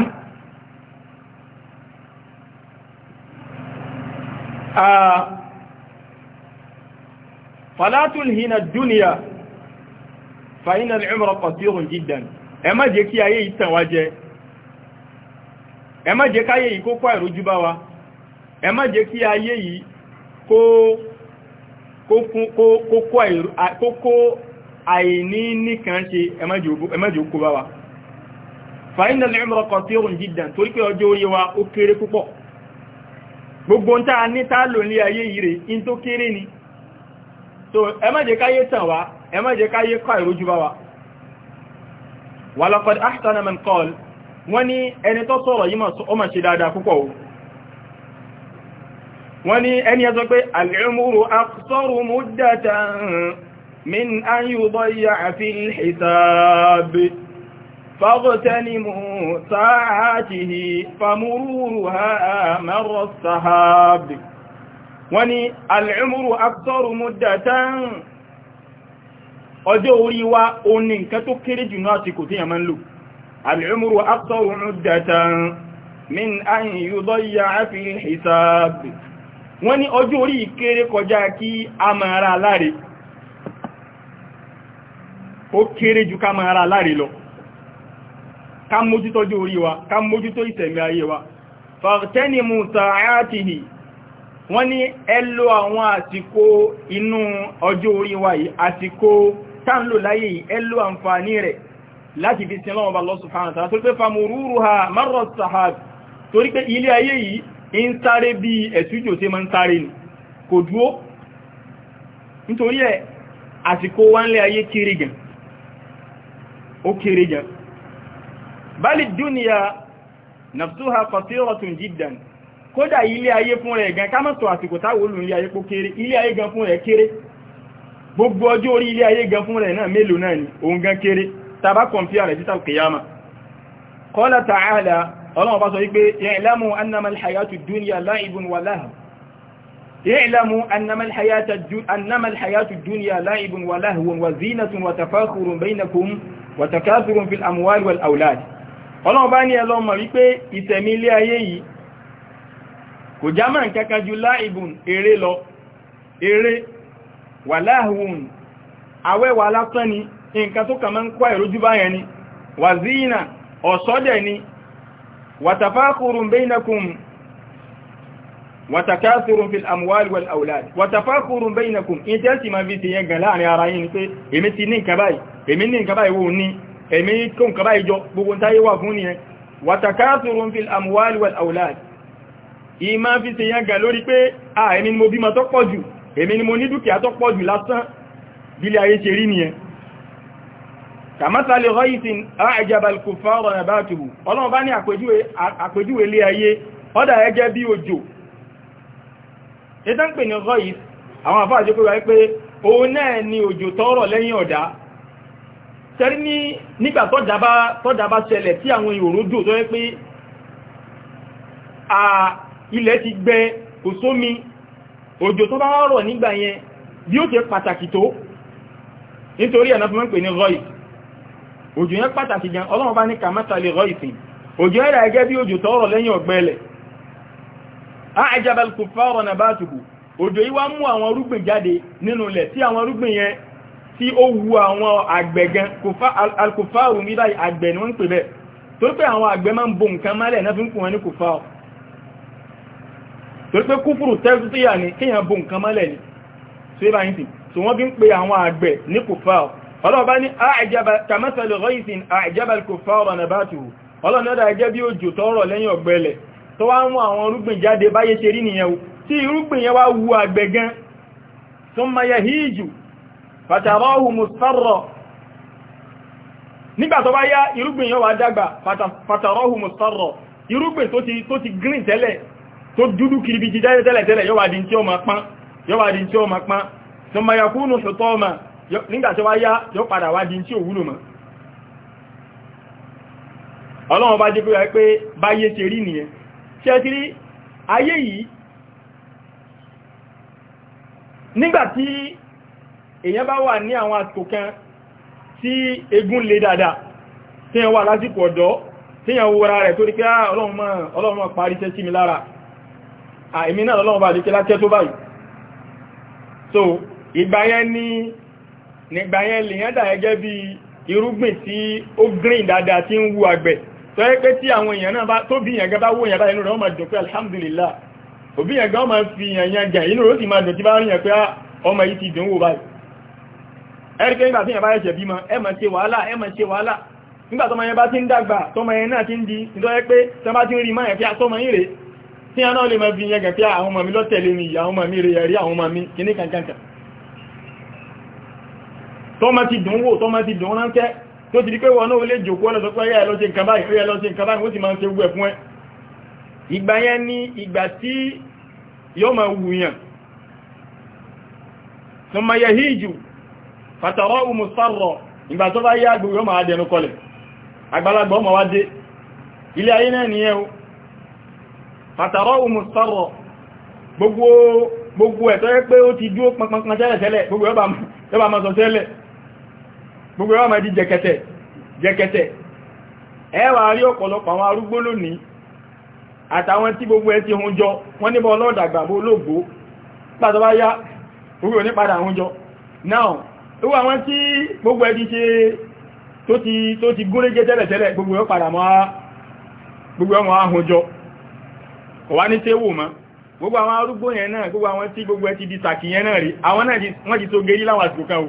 Speaker 1: falatul hina duniya fa'ina al'umra qasirun jiddan ẹ má jẹ́ kí ayé ìtàn wa jẹ ẹ má jẹ́ káyé yìí kó ẹ má jẹ́ kí ayé yìí kókó àìní nìkan ṣe ẹmẹ́jì kó bá wa fàínà lẹ́mọ̀rọ̀ kan tí ó rùn jìdàn torí pé ọjọ́ orí wa ó kéré púpọ̀ gbogbo ń tàà ní tààlò ní ayé yìí rẹ̀ in tó kéré ni so ẹmẹ́jẹ káyé tàn wá ẹmẹ́jẹ káyé kọ́ ìrójú bá wa wà lọ́kọ̀dá ahsanam wọ́n ní ẹni tó sọ̀rọ̀ yìí ó ṣe dáadáa púpọ̀ o wọ́n ní ẹni ẹzọ pé al'umuru aqsaru muddatan min an yudayya fi al-hisab فاغتنموا ساعاته فمروها مر السحاب وني العمر أكثر مدة ọjọ́ orí wa ó ní nǹkan tó kéré jù náà ti kò tí yàmá ń lò al'umru aksaru muddatan min an yudayya fi al-hisab wọ́n ní ọjọ́ orí ìkéré kọjá kí a máa ra aláre ó kéré jù ká máa ra aláre lọ ká mójútọ́jú orí wa ká mójútó ìtẹ̀mí ayé wa fàtẹ́ni ori ayatihi wọ́n ní ẹlò àwọn àsìkò inú ọjọ́ orí wa yìí àsìkò táńlò láyé yìí ẹlò àǹfààní rẹ̀ láti fi bá ha sahab torí pé ilé ayé ń sáré bí ẹ̀tújò tí ma ń sáré ni kò dúó nítorí ẹ̀ àsìkò wá ń ayé kéré gan ó kéré gan bali dúnìyà nafsuha ko da kódà ilé ayé fún rẹ̀ gan kámọ́tọ̀ àsìkò táwọn olùn ilé ayé pó kéré ilé ayé gan fún rẹ̀ kéré gbogbo ọjọ́ orí ilé ayé gan fún rẹ̀ náà mélòó náà ni òun gan kéré tàbá kọ̀ǹfíà rẹ̀ títà kìyàmà ọlọ́run bá sọ wípé ya'lamu annama al-hayatu ad-dunya la'ibun wa lahu ya'lamu annama al-hayatu ad-dunya la'ibun wa lahwun wa zinatun wa tafakhurun bainakum wa takathurun fil amwali wal awlad ọlọ́run bá ní ẹlọ́run mọ̀ wípé ìtẹ̀mí ilé ayé yìí kò já máa ń kankan ju láìbùn eré lọ wà láàhùn awẹ́wà lásán ni nǹkan tó kà máa ń ni وتفاخر بينكم وتكاثر في الاموال والاولاد وتفاخر بينكم انت انت ما في تيان غلا ni ara yín pé èmi ti ní nǹkan báyìí èmi ní nǹkan báyìí wo ni èmi ko nǹkan báyìí jọ gbogbo ntaye wà fún ni وتكاثر في الاموال والاولاد ima fi tẹ̀yàn ga lórí pé ah èmi ni mo bímọ tó pọ̀jù èmi ni mo ní dúkìá tó pọ̀jù lásán bí le ayé ṣe rí kàmátàlì rọ́yìsìn àìjàbàl kùfàárà nàbátùhù ọlọ́run bá ní àpèjúwe ilé ayé ọdá ẹgẹ́ bí òjò ìtàn pè ní rọ́yìs àwọn àfáà jẹ́ pé pé òun ni òjò tọ́rọ̀ lẹ́yìn ọ̀dá tẹ́rí ní nígbà tọ́dá bá ṣẹlẹ̀ tí àwọn ìhòrò dò tó yẹ pé ilẹ̀ ti gbẹ kò sómi òjò tó bá rọ̀ nígbà yẹn bí ó ṣe pàtàkì tó nítorí ẹ̀nà fún mọ́ pè ní rọ́yìs òjò yẹn pàtàkì gan ọlọ́run bá ní kàmátà lè rọ ìsìn òjò ẹ̀rà ẹgẹ́ bí òjò tọ́rọ̀ lẹ́yìn ọ̀gbẹ́lẹ̀ àjàbal kùfàrọ̀ nà bá tùkù òjò yìí wá mú àwọn rúgbìn jáde nínú ilẹ̀ tí àwọn rúgbìn yẹn tí ó wu àwọn àgbẹ̀ gan alkùfàrù ní báyìí àgbẹ̀ ni wọ́n ń pè bẹ́ẹ̀ torí pé àwọn àgbẹ̀ máa ń bo ọlọ́ọ̀bá ní àìjábà kàmẹ́sàlẹ̀ rọ́ìsìn àìjábà kòfàọ́rọ̀ nàbátù ọlọ́nàdà ẹgẹ́ bí òjò tọ́rọ̀ lẹ́yìn ọ̀gbẹlẹ̀ tó wá mú àwọn irúgbìn jáde báyé ṣe rí nìyẹn tí irúgbìn yẹn wá wu àgbẹ̀ gan summa yahiju fatarahu musfarra nígbà tó bá yá irúgbìn yẹn wá dàgbà fatarahu musfarra irúgbìn tó ti tó ti green tẹ́lẹ̀ tó dúdú kìrìbìtì jáde tẹ́lẹ̀ tẹ́lẹ̀ yóò wá di nígbàtí wá yá yóò padà wá di tí ò wúlò mọ́ ọlọ́run bá jẹ́ pé wáyé pé báyé ṣe rí nìyẹn ṣe ti rí ayé yìí nígbàtí èyàn bá wà ní àwọn àsìkò kan tí egun lè dada, tí wà lásìkò ọ̀dọ́ tí yẹn wúra rẹ̀ tó rí pé ah, ọlọ́run mọ́ parí tẹ́ sí mi lára àìmì náà lọ́lọ́run bá jẹ́ kí látẹ́ tó báyìí ìgbà yẹn ni nígbà yẹn lèyàn dà gẹ́gẹ́ bí irúgbìn tí ó green dáadáa tí ń wú àgbẹ̀ tó yẹ pé tí àwọn èèyàn náà tó bí yẹn bá wó yẹn inú rẹ̀ wọ́n máa dùn pé alhamdulillah òbí yẹn gan máa fi yẹn inú rẹ̀ sì máa dùn tí bá rí yẹn pé ah, ọmọ yìí ti dùn wò báyìí ẹ̀ríkẹ́ nígbà tí yẹn bá ẹ̀ṣẹ̀ bímọ ẹ máa ṣe wàhálà ẹ máa ṣe wàhálà nígbà tọmọ yẹn bá ti ń dàgbà tọmọ yẹn náà ti ń di nítorí pé tọmọ bá ti ń rí máa yẹn pé àtọmọ ah, yìí rèé tí a náà lè máa fi yẹn gẹ̀ pé ah, àwọn ọmọ mi lọ́tẹ̀lé mi ìyá àwọn tọ́mọ ti dùn wò tọ́mọ ti dùn ránkẹ́ tó ti di pé wọ́n náà lè jòkó ọ̀nà sọpọ̀ ẹ̀yà lọ́sẹ̀ nǹkan báyìí lọ́sẹ̀ nǹkan báyìí ó máa ń ṣe gbẹ̀ fún ẹ ìgbà yẹn ni ìgbà tí yóò máa wùyàn tó máa yẹ híjù fàtàrọ umusarọ̀ ìgbà tó bá yá agbègbè yóò máa dẹnu kọlẹ̀ àgbàlagbà ọmọ wá dé ilé ayé náà nìyẹn o fàtàrọ umusarọ̀ gbogbo gbogbo ẹ̀ pé ó ti dúó pọnpọnpọn tẹ́lẹ̀ tẹ́lẹ̀ gbogbo yóò bá tẹ́lẹ̀ gbogbo ẹwà máa di jẹkẹtẹ jẹkẹtẹ ẹwà rí ọ̀pọ̀lọpọ̀ àwọn arúgbó lónìí àtàwọn tí gbogbo ẹ ti hun jọ wọ́n níbọ̀ ọlọ́dàgbàbó olóògbó pàtàbá yá gbogbo ní padà hun now ìwọ àwọn tí gbogbo ẹ ti ṣe tó ti gúnrégé tẹ́lẹ̀tẹ́lẹ̀ gbogbo ẹ padà mọ́ gbogbo ẹmọ ahun jọ àwọn arúgbó yẹn náà gbogbo àwọn tí gbogbo ẹ ti di sàkì yẹn náà rí àwọn náà wọ́n ti tó gerí láwọn àsìkò kan o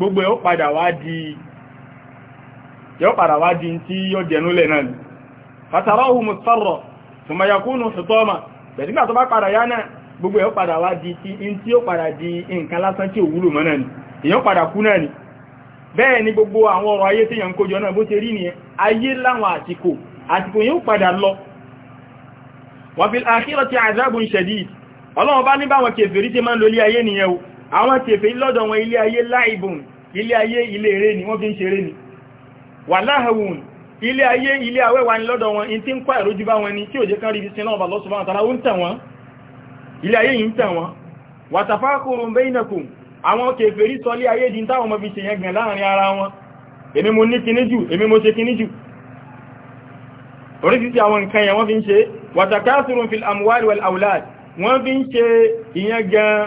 Speaker 1: gbogbo ẹ̀ ó padà wá di yóò padà wá di tí yóò jẹnúlẹ̀ náà ni fatarahu mustarra thumma yakunu hutama bẹ̀tígbà tó bá padà yá náà gbogbo ẹ̀ ó padà wá di tí in tí ó padà di nǹkan lásán tí ò wúlò mọ́ náà ni èyàn padà kú náà ni bẹ́ẹ̀ ni gbogbo àwọn ọ̀rọ̀ ayé tí kójọ náà bó ṣe rí ni ayé láwọn àsìkò àsìkò yóò padà lọ wa fil akhirati azabun shadid ọlọ́run bá ní kèfèrí tí máa ń lólé ayé nìyẹn o àwọn kèfèrí lọ́dọ̀ wọn ilé ayé láìbùn ilé ayé ilé eré ni wọ́n fi ń ṣeré ni wà láhàwùn ilé ayé ilé awẹ́wà ni lọ́dọ̀ wọn in ti ń kọ́ ìrójú bá wọn ni tí ò jẹ́ kán rí ibi sinọ́ ọba lọ́sùn báwọn tàbí ń tàn wọn ilé ayé yìí ń tàn wọn watafakurun bainakum àwọn kèfèrí sọ ilé ayé di táwọn ọmọ fi ṣe yẹn gàn láàrin ara wọ́n fi ń ṣe ìyẹn gan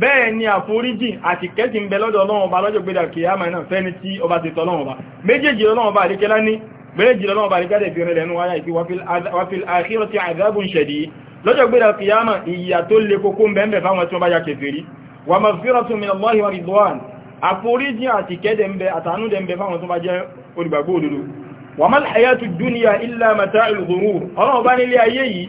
Speaker 1: bẹ́ẹ̀ ni àforíjì àti kẹ́sì ń bẹ lọ́dọ̀ ọlọ́run ọba lọ́jọ́ gbéra kìyàmà náà fẹ́ni tí ọba ti tọ́lọ́run ọba méjèèjì ọlọ́run ọba àríkẹ́lá ní méjèèjì ọlọ́run ọba àríkẹ́lá ìbí rẹ̀ nù wáyà ìfi wafil akhirati adhabun shadid lọ́jọ́ gbéra kìyàmà ìyà tó le koko mbẹ́mbẹ́ fáwọn tí wọ́n bá ya kèfèrí wà maghfiratun min Allahi wa ridwan àforíjì àti kẹ́dẹ̀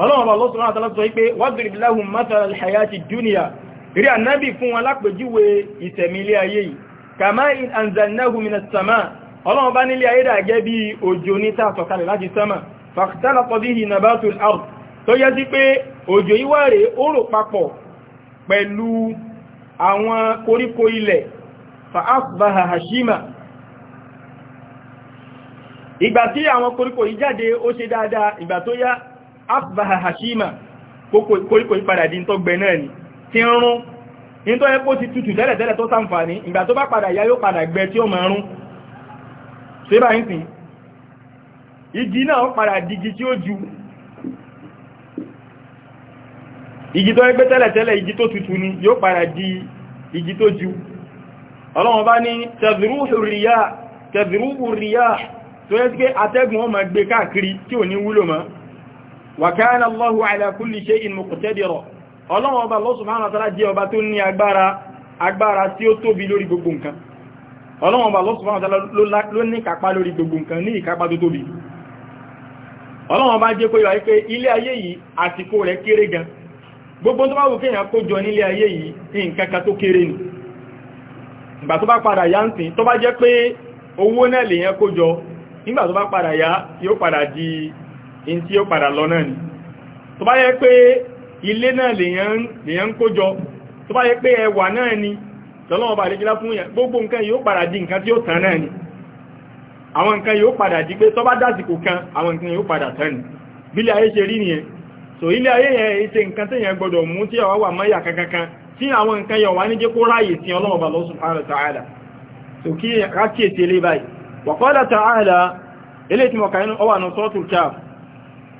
Speaker 1: ọlọ́run ọba lọ́sọ̀rọ̀ àtàlá sọ wípé wadrib lahum mathala al-hayati dunya rí ànábì fún wọn lápèjúwe ìtẹ̀mí ilé ayé yìí kama in anzalnahu minas sama ọlọ́run bá nílé ayé dà gẹ́ bí òjò ní tààtọ̀ kalẹ̀ láti sama fakhtalata bihi nabatul ard tó yẹ sí pé òjò yìí wá rèé ìgbà tí àwọn koríko yìí jáde ó ṣe dáadáa ìgbà tó yá asbaha hashima koríko ìpadà di tó gbẹ náà ni tí ń rún ní tó ẹkó ti tutù tẹ́lẹ̀tẹ́lẹ̀ tó ṣàǹfààní ìgbà tó bá padà yá yóò padà gbẹ tí ó máa rún ṣe bá ń sìn igi náà padà digi tí ó ju igi tó ẹgbẹ́ tẹ́lẹ̀tẹ́lẹ̀ igi tó tutù ni yóò padà di igi tó ju ọlọ́run bá ní tẹ̀zìrú ríyà tó yẹ́ sí pé atẹ́gùn ó máa gbé káàkiri tí ò ní wúlò mọ́ وكان الله على كل شيء مقتدرا ọlọ́wọ́ ọba Allah subhanahu wa ta'ala jẹ́ ọba tó ní agbára agbára tí ó gbogbo nǹkan ọlọ́wọ́ ọba Allah subhanahu wa ta'ala ló gbogbo nǹkan ní ìkápá tó tóbi ọlọ́wọ́ ọba jẹ́ kó yọ wípé ilé ayé yìí gbogbo tó ni ìgbà tó bá padà yá ń sìn di in tí ó padà lọ náà ni tó bá yẹ pé ilé náà lèyàn kójọ tó bá yẹ pé ẹwà náà ni tọ́lọ́wọ́ bá fún gbogbo nǹkan yóò padà di nǹkan tí ó tán náà ni àwọn nǹkan yóò padà di pé bá dásìkò kan àwọn nǹkan yóò padà tán bílẹ̀ ayé ṣe rí nìyẹn so ilé ayé yẹn ṣe nǹkan tí yẹn gbọdọ̀ mú tí ọwọ́ wà mọ́yà kankankan tí àwọn nǹkan yẹn wà ní kó ráyè sí ọlọ́wọ́ bá so kí ilé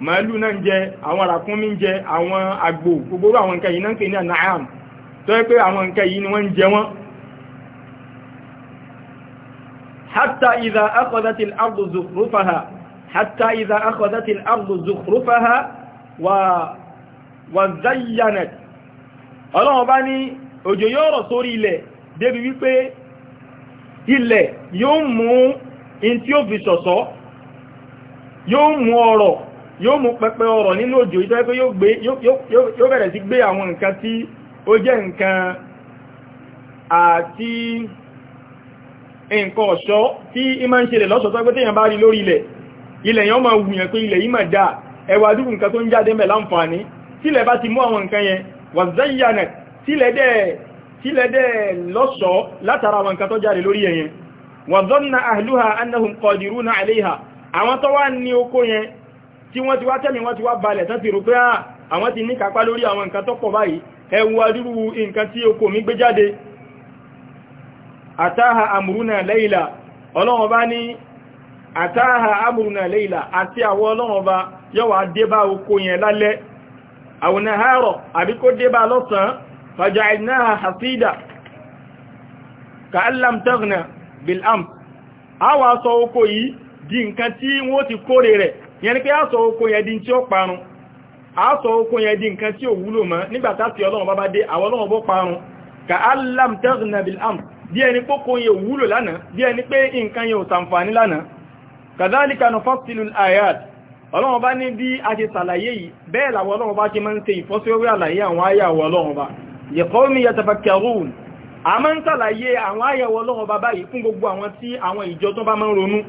Speaker 1: màálù náà jẹ àwọn ràkúnmí jẹ àwọn àgbò gbogbo àwọn nǹkan yìí náà ń ní ànáàm tó yẹ pé àwọn nǹkan yìí ni wọ́n ń jẹ wọ́n حتى إذا أخذت الأرض زخرفها حتى إذا أخذت الأرض زخرفها و... وزينت ọlọ́run bá ní òjò yóò rọ̀ sórí ilẹ̀ débi wípé ilẹ̀ yóò mú in tí ó fi ṣọ̀ṣọ́ yóò mú ọrọ̀ yóò mú pẹpẹ ọ̀rọ̀ nínú òjò ìtọ́ pé yóò bẹ̀rẹ̀ sí gbé àwọn nǹkan tí ó jẹ́ nǹkan àti nǹkan ọ̀ṣọ́ tí ìmá ń ṣẹlẹ̀ lọ́ṣọ́ tó pé téèyàn bá rí lórí ilẹ̀ ilẹ̀ yẹn máa wùyàn pé ilẹ̀ yìí máa dà ẹwà dúró nǹkan tó ń jáde mẹ́ láǹfààní tílẹ̀ bá ti mú àwọn nǹkan yẹn wà zayyana tílẹ̀ dẹ̀ lọ́ṣọ́ látara àwọn nǹkan tó jáde lórí àwọn tó ní oko yẹn tí wọ́n ti wá tẹ́mi wọ́n ti wá balẹ̀ tán ti rò pé ah, àwọn ti ní kápá lórí àwọn nǹkan tó báyìí ẹ adúrú nǹkan tí oko mi gbé jáde àtáhà àmùrúnà lẹ́ìlà ọlọ́run ní àtáhà àmùrúnà lẹ́ìlà àti àwọn àárọ̀ àbí di ti yẹn ni pé a sọ oko yẹn di a sọ oko yẹn di nǹkan tí ò wúlò mọ́ nígbàtá tí ọlọ́run bá bá dé ka alam am bí ẹni pé wúlò lánàá bí ẹni pé lánàá al ní bí a ti sàlàyé yìí bẹ́ẹ̀ làwọn ọlọ́run bá ti máa ń ṣe ìfọ́síwẹ́wé àlàyé àwọn ayàwó ọlọ́run a sàlàyé àwọn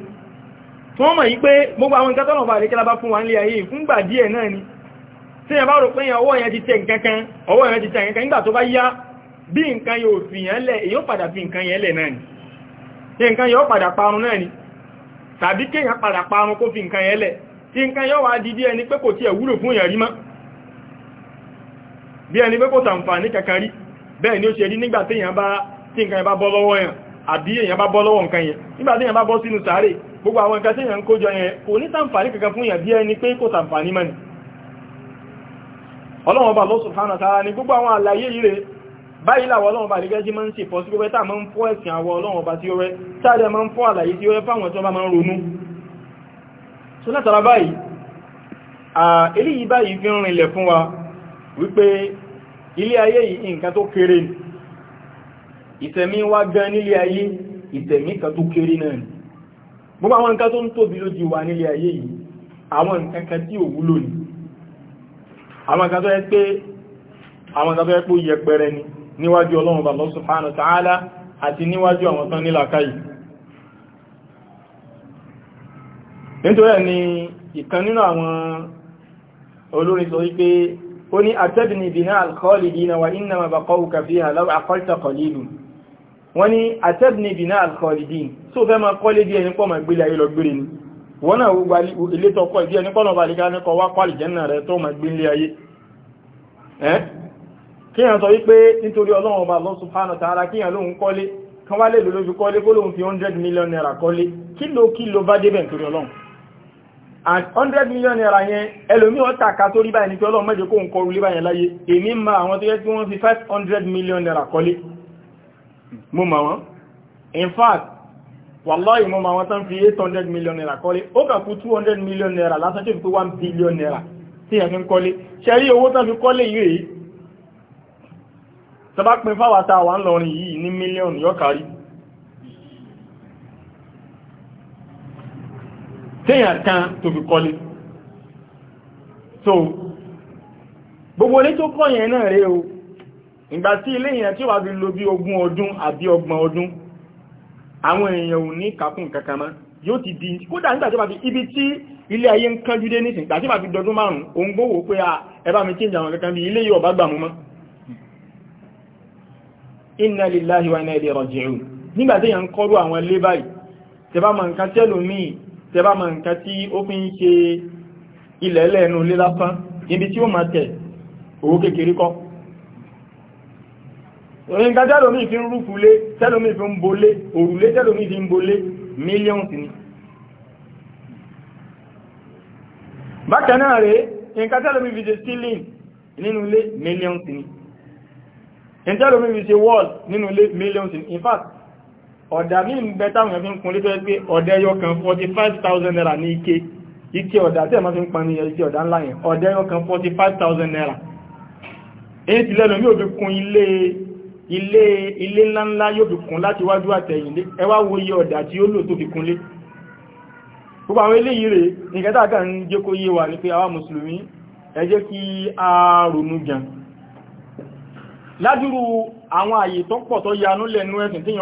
Speaker 1: tí wọ́n mọ̀ yí pé gbogbo àwọn nǹkan tọ́lọ̀ bá lè fún wa nílé ayé fúngbà díẹ̀ náà ni tí yẹn bá rò pé ọwọ́ yẹn ti tẹ nkankan ọwọ́ yẹn ti tẹ nǹkankan nígbà tó bá yá bí nkan yóò fi yẹn lẹ̀ èyí padà fi nǹkan yẹn lẹ̀ náà ni tí yóò padà parun náà ni tàbí kéèyàn padà parun kó fi nǹkan yẹn lẹ̀ tí nǹkan yóò wá di bí ẹni pé kò tiẹ̀ wúlò fún ẹni pé kò kankan rí bẹ́ẹ̀ ni ó ṣe rí nígbà tí yẹn bá bọ́ lọ́wọ́ yẹn àbí èyàn bá bọ́ lọ́wọ́ nǹkan yẹn nígbà tí èyàn bá bọ́ sínú sàárè gbogbo àwọn nǹkan tí èyàn ń kójọ yẹn kò ní sàǹfààní kankan fún èyàn bí ẹni pé kò sàǹfààní mọ́ni ọlọ́wọ́n bá lọ́sùn fánà sára ni gbogbo àwọn àlàyé yìí rẹ̀ báyìí làwọn ọlọ́wọ́n bá nígbẹ́ sí máa ń ṣe pọ̀ ìtẹ̀mí wá gan nílé ayé ìtẹ̀mí kan tó kéré náà ni gbogbo àwọn nǹkan tó ń tóbi ló di wa nílé ayé yìí àwọn nǹkan kan tí ò wúlò ni àwọn nǹkan tó yẹ pé àwọn nǹkan tó yẹ pé ó yẹpẹrẹ ni níwájú ọlọ́run bàbá subhanahu wa àti níwájú àwọn tán nílàkàyè nítorí ẹ̀ ni ìkan nínú àwọn olórin sọ wípé ó ní atẹ́bìnì bìnà alkọ́ọ̀lì dínà wa innama baqawka fiha law aqalta qalilun wọ́n ní àtẹ́bìnì bìnà alkọ̀ọ̀lìdín tó fẹ́ máa kọ́lé bí ẹni pọ́ máa gbélé ayé lọ gbére ni wọ́n náà wọ́n gba ilé tọ́kọ́ ìdí ẹni pọ́nà bá lẹ́gbẹ́ ẹnikọ́ wá pàlì jẹ́nà rẹ̀ tó máa gbélé ayé kíyàn sọ wípé nítorí ọlọ́run ọba Allah million naira kọ́lé kílò kílò bá débẹ̀ nítorí ọlọ́run and million naira yẹn ẹlòmí ọ̀tà ká tó rí báyìí nítorí ọlọ́run mẹ́jọ kóhun kọrù lé báyìí láyé èmi million naira kọ́lé mo mọ̀ wọ́n in fact wàláì mo mọ̀ wọ́n tán fi 800 million naira kọ́lé ó kà kú 200 million naira lásán tó fi pé 1 billion naira tí ẹ̀ fi ń kọ́lé ṣẹ́rí owó tán fi kọ́lé yìí rèé tọba pin fáwa tá wà ń lọrin yìí ní mílíọ̀nù yóò kárí téèyàn kan tó fi kọ́lé so gbogbo ilé tó kọ́ yẹn náà rèé o ìgbà tí ilé èèyàn tí wà fi lo bí ogún ọdún àbí ọgbọ̀n ọdún àwọn èèyàn ò ní kàkún kankan mọ́ yóò ti di kódà nígbà tí wà fi ibi tí ilé ayé ń kánjú dé nísìn ìgbà tí wà fi dọdún márùn ún gbówó pé ẹ mi change àwọn kankan bí ilé yóò bá gbà mú mọ́ inna wa inna ilayhi raji'un nígbà tí èèyàn ń kọ́rú àwọn ilé báyìí tẹ́ bá ó máa tẹ̀ owó kékeré kọ́ nǹkan tẹ́lómi fi ń rúfu lé tẹ́lómi fi ń bolé òrùlé tẹ́lómi fi ń bolé mílíọ̀nù sí ni. bákan náà rèé nǹkan tẹ́lómi fi ṣe ceiling nínú ilé mílíọ̀nù sí ni. nǹkan tẹ́lómi fi ṣe wall nínú ilé mílíọ̀nù ni. in fact ọ̀dà mi ń bẹ táwọn èèyàn fi ń kun létọ́ pé ọ̀dà ẹyọ kan 45,000 naira ní ike ike ọ̀dà tí ẹ̀ máa fi ń pan ní ike ọ̀dà ńlá yẹn ọ̀dà ẹyọ kan forty naira èyí ti lẹ́nu mi ò fi kun ilé ilé ilé ńláńlá yóò fi kún láti wájú àtẹ̀yìnlé ẹ wo iye ọ̀dà tí ó lò tó fi kúnlé púpọ̀ àwọn eléyìí rẹ̀ nǹkan tàbí ń jẹ́ kó yé wa ní pé àwa musulmi ẹjẹ́ kí a ronú gan ládùrú àwọn àyè tó pọ̀ tó yanú lẹ́nu ẹ̀sìn tí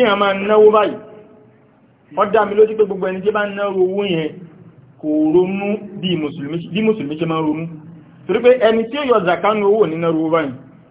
Speaker 1: náwó gbogbo ẹni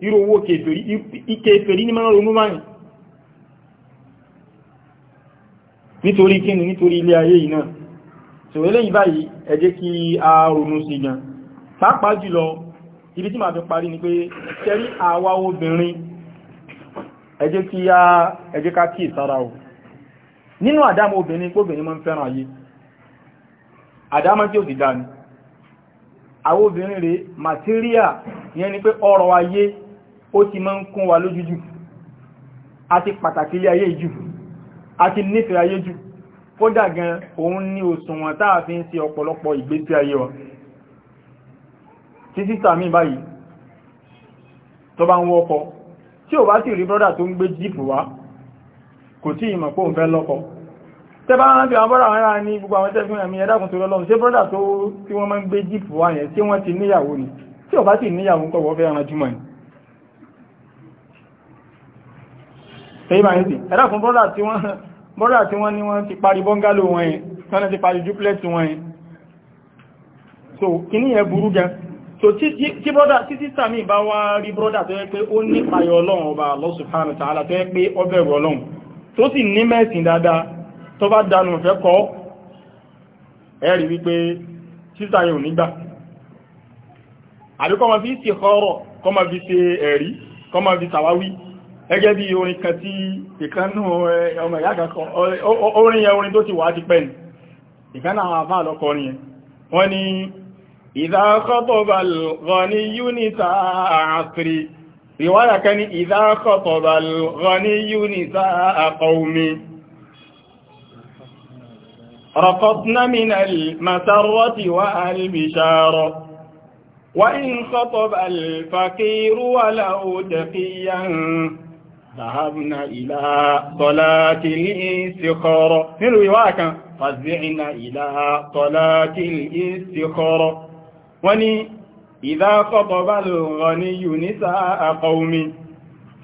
Speaker 1: irú owó ike ìfèrí ní máa ronú báyìí nítorí kíni nítorí ilé ayé yìí náà so eléyìí báyìí ẹ kí a ronú sí gan pàápàá jùlọ ibi tí ma fi parí ni pé tẹ́rí àwa obìnrin ẹ kí a ká kí ìsára o nínú àdámọ́ obìnrin póbìnrin máa fẹ́ràn ayé àdámọ́ tí ó sì dáni àwọn obìnrin rẹ̀ material yẹn ni pé ọrọ̀ ayé ó ti máa ń kún wa lójú jù a ti pàtàkì ilé ayé jù a ti nífẹ̀ẹ́ ayé jù kódà gan òun ní òṣùwọ̀n táà fi ń ṣe ọ̀pọ̀lọpọ̀ ìgbésí ayé wa tí sísà mi báyìí tó bá ń wọ ọkọ tí ò bá sì rí brọ́dà tó ń gbé jíìpù wá kò tí ìmọ̀ pé òun fẹ́ lọ́kọ tẹ́ bá rántí àwọn brọ́dà wọn ní gbogbo àwọn tẹ́fún ẹ̀mí ẹ̀dàkùn tó lọ́lọ́run ṣé brọ́dà tó tí wọ́n máa ń gbé jíìpù wá yẹn tí wọ́n ti níyàwó ni tí ò bá sì níyàwó ń kọ̀wọ́ fẹ́ ranjú mọ́ ni tẹ́yìnbà ń sì ẹ̀dà fún brọ́dà tí wọ́n ní wọ́n ti parí bọ́ngálò wọn yìí tọ́nà ti parí duplex wọn yìí so kí ní ẹ burú gan so tí brọ́dà tí sísà mi bá wá rí brọ́dà tó yẹ pé ó ní payọ ọlọ́run ọba Allah subhanahu wa ta'ala tó yẹ pé ó bẹ̀rù ọlọ́run tó sì ní mẹ́sìn dáadáa tó bá dànù fẹ́ kọ́ ẹ̀rí wípé sísà yóò nígbà àbí kọ́ ma fi sí ọ̀rọ̀ kọ́ ma fi ṣe ẹ̀rí kọ́ ma fi sàwáwí gẹ́gẹ́ bí orin kan tí ìkanú ọmọ ìyá kan orin yẹ orin tó ti wà ti pẹ́ ní ìkanú àwọn àfáà lọ́kọ orin yẹn wọ́n ni ìdákọ́tọ̀bàlọ́ni yúnítà àṣírí ríwáyà kan ní ìdákọ́tọ̀bàlọ́ni yúnítà àkọ́umi rọ̀kọ́tnámínàlì وإن خطب الفقير ولو تقيا ذهبنا إلى صلاة الاستخارة nílùú ìwá kan فزعنا إلى صلاة الاستخارة wọ́n ní إذا خطب الغني نساء قوم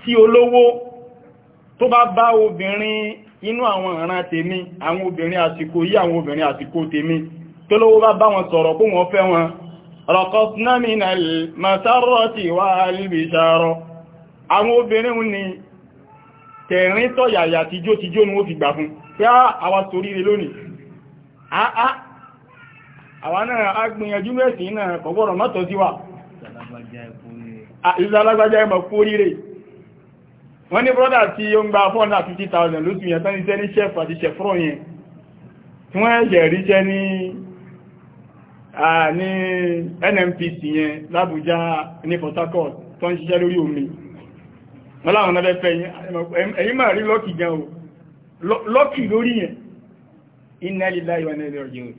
Speaker 1: tí olówó tó bá bá obìnrin inú àwọn ìran tèmi àwọn obìnrin àsìkò yí àwọn obìnrin àsìkò tèmi tó lówó bá bá wọn sọ̀rọ̀ kó wọ́n fẹ́ wọn رقصنا من المسرة والبشارة àwọn obìnrin ni tẹ̀rín tọ̀yàyà tíjó tíjó ni wọ́n fi gbà fún pé ah, àwa soríire lónìí àá ah, ah. àwa náà á gbìyànjú mẹ́sìn náà kọ̀gbọ́rọ̀ mọ́tọ̀ sí wa ìlàlágbájá ẹmọ̀ kú oríire wọ́n ní brọ́dà tí ó ń gba 450,000 lóṣù yẹn tán iṣẹ́ ní chef àti chefron yẹn tí wọ́n ẹ̀jẹ̀ ríṣẹ́ ní ní NNPC yẹn l'Abuja ní Port Harcourt tó ń ṣiṣẹ́ lórí omi wọ́n láwọn náà fẹ́ ẹ̀yìn máa rí lọ́kì gan o lọ́kì lórí yẹn inna lillahi wa inna ilayhi raji'un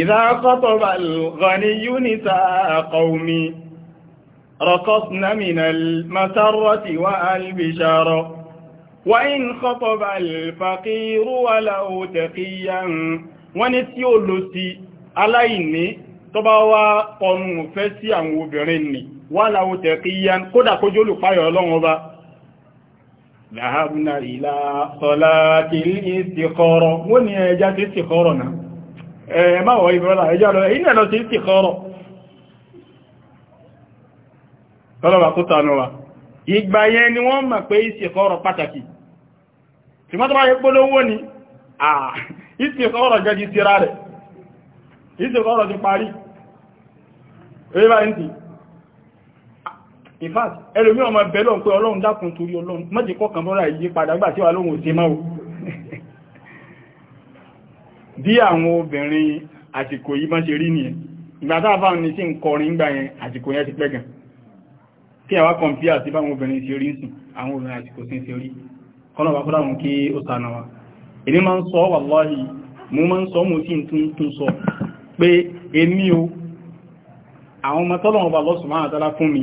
Speaker 1: idha qataba al-ghaniyyu nisaa qawmi raqasna min al-masarrati wa al-bishara wa in khataba wọ́n ní tí ó lọ ذهبنا إلى صلاة الاستخارة wọ́n ní ẹjá tí istikhara náà ẹ má wọ ìbúrọ́lá ẹjá lọ ẹ̀yìn lọ sí istikhara tọ́lọ́wà kó tànà wa ìgbà yẹn ni wọ́n mọ̀ pé istikhara pàtàkì tí ni in fact ẹlòmí ọmọ bẹ̀lọ́ pé ọlọ́run dákun torí ọlọ́run mọ́jì kọkàn bọ́ra yìí padà gbà tí wà lóhun òsè máa bí àwọn obìnrin àsìkò yìí máa ṣe rí nìyẹn ìgbàtà fáwọn ní sí ń kọrin gbà yẹn àsìkò yẹn ti pẹ́ gan kí àwa kọmpíà sí báwọn obìnrin ṣe rí sùn àwọn obìnrin àsìkò sí ṣe rí kọ́nà bá kọ́dà wọn kí ó sànà wa èmi máa ń sọ wàláhì mo máa ń sọ mo sì tún tún sọ pé èmi o àwọn ọmọ tọ́lọ́wọ́n bá lọ́sùn máa tọ́lá fún mi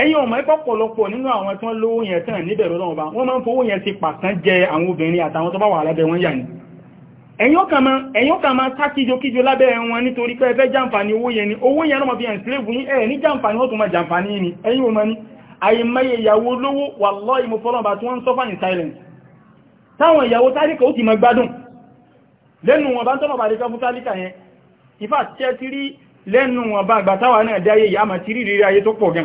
Speaker 1: eyi ọmọ ẹgbọ́ pọ̀lọpọ̀ nínú àwọn tán lówó yẹn tán níbẹ̀rẹ̀ lọ́wọ́ bá wọ́n máa ń fowó yẹn ti pàtán jẹ àwọn obìnrin àtàwọn tó bá wà lábẹ́ wọn yà ní ẹ̀yin ọkà máa sá kíjokíjo lábẹ́ wọn nítorí pé ẹfẹ́ jàǹfààní owó yẹn ni owó yẹn lọ́mọ fi hàn sílẹ̀bù yín ẹ̀ ní jàǹfààní ó ni ẹ̀yin ni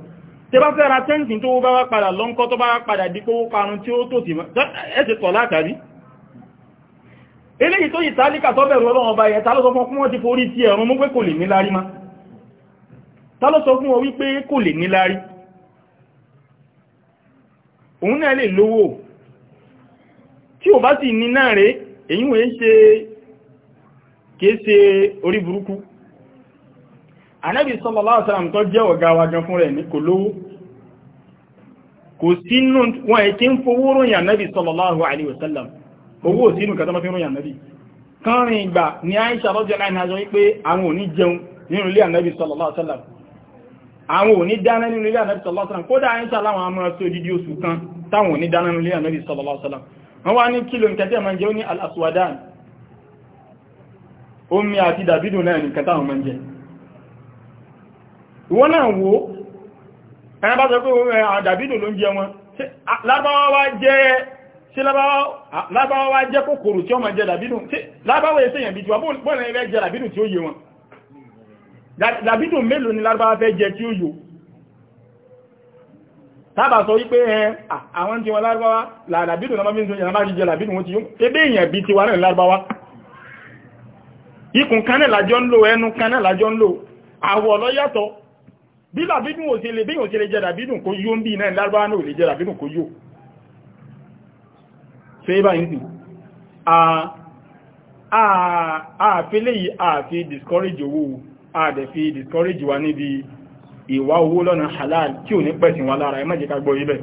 Speaker 1: tẹ bá fẹ́ ra tẹ́ǹtì tó bá wá padà lọ́nkọ́ tó bá wá padà di kó parun tí ó tó ti mọ́ ẹ̀sẹ̀ tọ̀ látàrí eléyìí tó yìí tálíkà tó bẹ̀rù ọlọ́run ọba yẹn tá ló sọ fún wọn ti forí ti ẹ̀rùn mú pé kò lè nílárí má tá fún wọn wípé kò lè nílárí anábì sallallahu alaihi wasallam tó jẹ́ ọ̀gá wa gan fún rẹ̀ ní kò lówó kò sínú wọn ẹ̀ kí ń fowó ròyìn anábì sallallahu alaihi wasallam owó sínú kàtọ́ máa fi ròyìn anábì kánrin ìgbà ni Aisha radhiyallahu anha wípé àwọn ò ní jẹun nínú ilé anábì sallallahu alaihi wasallam àwọn ò ní dáná nínú ilé anábì sallallahu alaihi wasallam kódà Aisha láwọn amọ́ tó dídí oṣù kan táwọn ò ní dáná nínú ilé anábì sallallahu alaihi wasallam kílò nkẹtẹ́ máa jẹ́ ó al-aswadan omi àti dàbídùn náà nìkan táwọn máa jẹ́ ìwọ́n náà wò ó ẹ̀yà bá sọ pé àdàbídò ló ń jẹ wọn lábáwá wá jẹ́ kòkòrò tí ó máa jẹ dàbídò lábáwá ẹsẹ̀ yẹn bí tiwa bọ́ọ̀lẹ̀ ẹgbẹ́ jẹ dàbídò tí ó yé wọn dàbídò mélòó ni lábáwá fẹ́ jẹ tí ó yò tábà sọ wípé ẹn àwọn tí wọn lárúbáwá bí làbídùn ò ṣe lè bí òṣèlè jẹ́ làbídùn kó yó ń bí náà lárúbáwá náà lè jẹ́ làbídùn kó yó ṣe bá yìí àfilé yìí àfi discourage owó àdẹ̀ fi discourage wa níbi ìwà owó lọ́nà halal tí ò ní pẹ̀sìn wa lára ẹ má jẹ́ ká gbọ́ ibẹ̀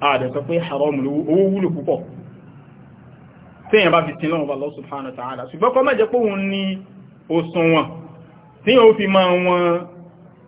Speaker 1: àdẹ̀ sọ pé haram owó wúlò púpọ̀ tíyàn bá fi sin lọ́wọ́ Allah subhanahu wa ta'ala ṣùgbọ́n kọ́ má jẹ́ pé òun ni òsùnwọ̀n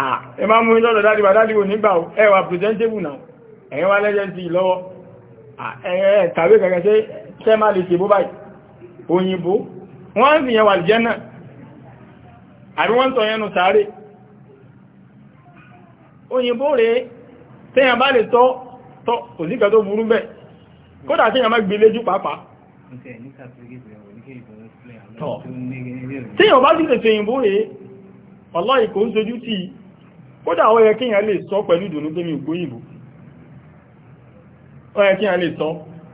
Speaker 1: ah ẹ máa mú ìlọ́dọ̀ dáadì bá dáadì wò nígbà ẹ wà presentable now ẹ̀yìn wá lẹ́jẹ́ sí lọ́wọ́ ẹ̀ kàwé kẹ̀kẹ́ sí ṣẹ́ máa lè ṣèbó báyìí òyìnbó wọ́n sì yẹn wà jẹ́ náà àbí wọ́n tọ̀ yẹnu sáré òyìnbó rẹ̀ tẹ́yàn bá lè tọ́ tọ́ kò sí kẹ́ tó burú bẹ́ẹ̀ kódà tẹ́yàn má gbé léjú pàápàá
Speaker 2: tẹ́yàn bá sì tẹ̀sẹ̀
Speaker 1: òyìnbó rẹ̀ ọlọ́ ìkó ń sojú tí kódà ó yẹ kíyàn lè sọ pẹ̀lú ìdùnnú pé mi ò gbóyìnbó ó yẹ kíyàn lè sọ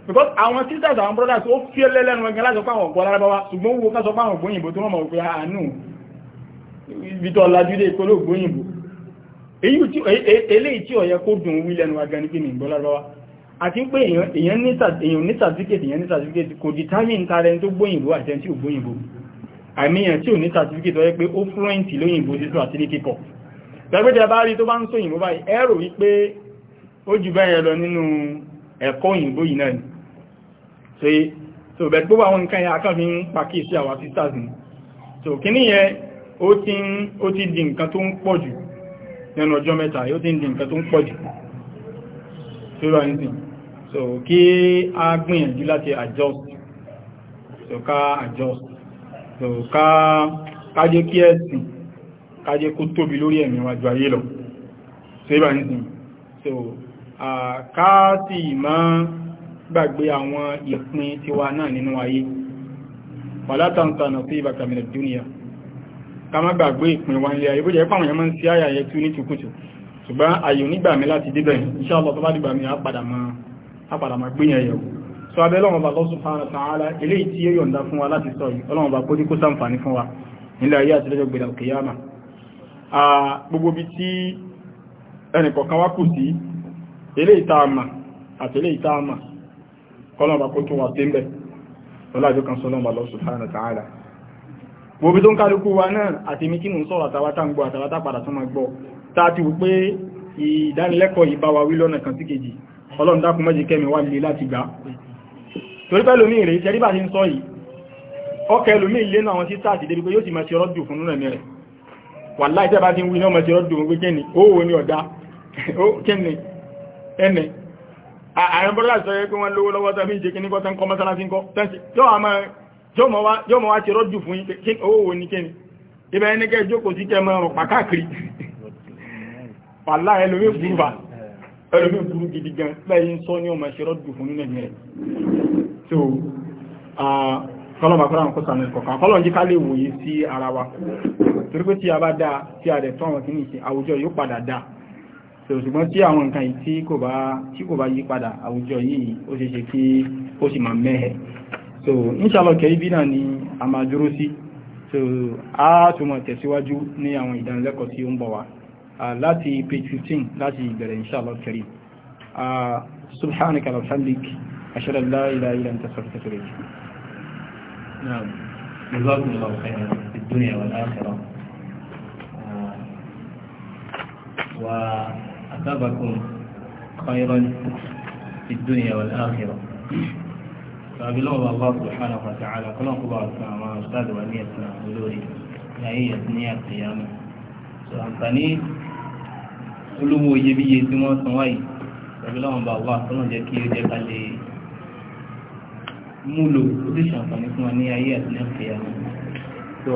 Speaker 1: because àwọn sisters àwọn brothers ó fi ẹlẹ́lẹ́nu ẹgbẹ́ láti pàwọn ọ̀gbọ́n alábáwá ṣùgbọ́n wo ká sọ pàwọn ògbóyìnbó tó mọ̀ pé àánú ah, ìbítọ̀ lajúdé ìkóló ògbóyìnbó eléyìí tí ó yẹ kó dùn wí lẹ́nu agan ní kíni ìgbọ́ lábáwá àti pé èèyàn ní certificate èèyàn ní certificate kò determine ta rẹni tó gbóyìnbó àti ẹni tí ò gbóyìnbó àmìyàn tí ò ní certificate ó yẹ pé ó fluent lóyìnbó sísọ àti ní kíkọ tẹ́gbẹ́tẹ́ bá rí tó bá ń sọ òyìnbó báyìí ẹ rò wípé ó jù bẹ́ẹ̀ lọ nínú ẹ̀kọ́ òyìnbó yìí náà so so bẹ̀ gbogbo àwọn nǹkan yẹn akọ́fin ń pàkíyèsí àwa sisters ni so kíní yẹn ó ti ń ó ti di nǹkan tó ń pọ̀ jù nínú ọjọ́ mẹ́ta so rọ anything so kí adjust so ká adjust so ká ká jẹ́ kí ẹ̀sìn kájẹ́ kó tóbi lórí ẹ̀mí wa ayé lọ ṣe bá nìsìn so káàtì má gbàgbé àwọn ìpín tiwa náà nínú ayé pàlátàntà nà sí ìbàkàmìnà dúnìyà ká má gbàgbé ìpín wa nílé ayé bó jẹ́ pàwọn ẹ̀mọ́ sí àyà yẹ tú ní tukutu ṣùgbọ́n ayò nígbà mi láti débẹ̀ insha Allah tó bá dìgbà so abẹ́ lọ́wọ́ bá Allah subhanahu wa ta'ala eléyìí tí yóò yọ̀ǹda fún wa láti sọ yìí ọlọ́wọ́ bá kó ní kó ayé àti lọ́jọ́ gbẹ̀dẹ̀ al-qiyamah a gbogbo bí tí ẹnìkọ̀kan wá kù sí ilé ìtaàmà àti ilé ìtaàmà kọ́lọ̀bà kó tún wà sí mẹ́ ọlájú kan sọ́lọ́mà lọ subhanahu wa ta'ala gbogbo tó ń kálukú wa náà àti mi kí mú sọ̀rọ̀ àtàwátà ń gbọ́ àtàwátà padà tó máa gbọ́ táàtì wípé ìdánilẹ́kọ̀ọ́ yìí bá wa wí lọ́nà kan sí kejì ọlọ́run dákun mẹ́jì kẹ́mi wá lè láti gbà torí pẹ́lú mi rèé tẹ́rí bá ti ń sọ yìí ọkẹ́ lómi ìlénu àwọn títà àti débi pé yóò ti máa ṣe ọlọ́dún fún nínú ẹ̀mí rẹ̀ wàláì tẹ́ bá ti ń wí náà mọ̀ sí ọdún pé kíni owó ní ọ̀dá kíni ẹnì àwọn bọ́lá sọ pé wọ́n lówó lọ́wọ́ tàbí ìṣe kíní kọ́tán kọ́ mọ́sálásí ń kọ́ tẹ́sí yóò mọ̀ wá ti rọ́jù fún yín owó ní kíni ibẹ̀ ẹni kẹ́ jókòó sí kẹ́ kọlọ́mà kọ́lá kó sàmì kọ̀kan kọ́lọ̀ jí ká lè wòye sí ara wa torí pé tí a bá dá tí a dẹ̀ tọ́ àwọn kìíní sí àwùjọ yóò padà dá ṣùgbọ́n tí àwọn nǹkan yìí tí kò bá tí kò bá yí padà àwùjọ yìí ó ṣe ṣe kí ó sì máa mẹ́hẹ̀ so inshallah kẹ́rí bí náà ni a máa dúró sí so a tún mọ̀ tẹ̀síwájú ní àwọn ìdánilẹ́kọ̀ọ́ tí ó ń bọ̀ wá láti page 15 láti ìbẹ̀rẹ̀ inshallah kẹ́rí
Speaker 2: subhanaka wa bihamdik ashhadu an la ilaha illa anta astaghfiruka wa atubu ilayk نعم جزاكم الله خيرا في الدنيا والآخرة وأثابكم خيرا في الدنيا والآخرة فبلغ الله سبحانه وتعالى قال الله سبحانه أستاذ ولي olórí ayé ẹ̀sìn àtìyámọ̀ sọ àǹfààní olówó iyebíye tí wọ́n san wáyé pẹ̀lú àwọn bàbá àtọ́nà múlò ó sì ṣàǹfààní fún wa ní ayé àti ní àkẹyà so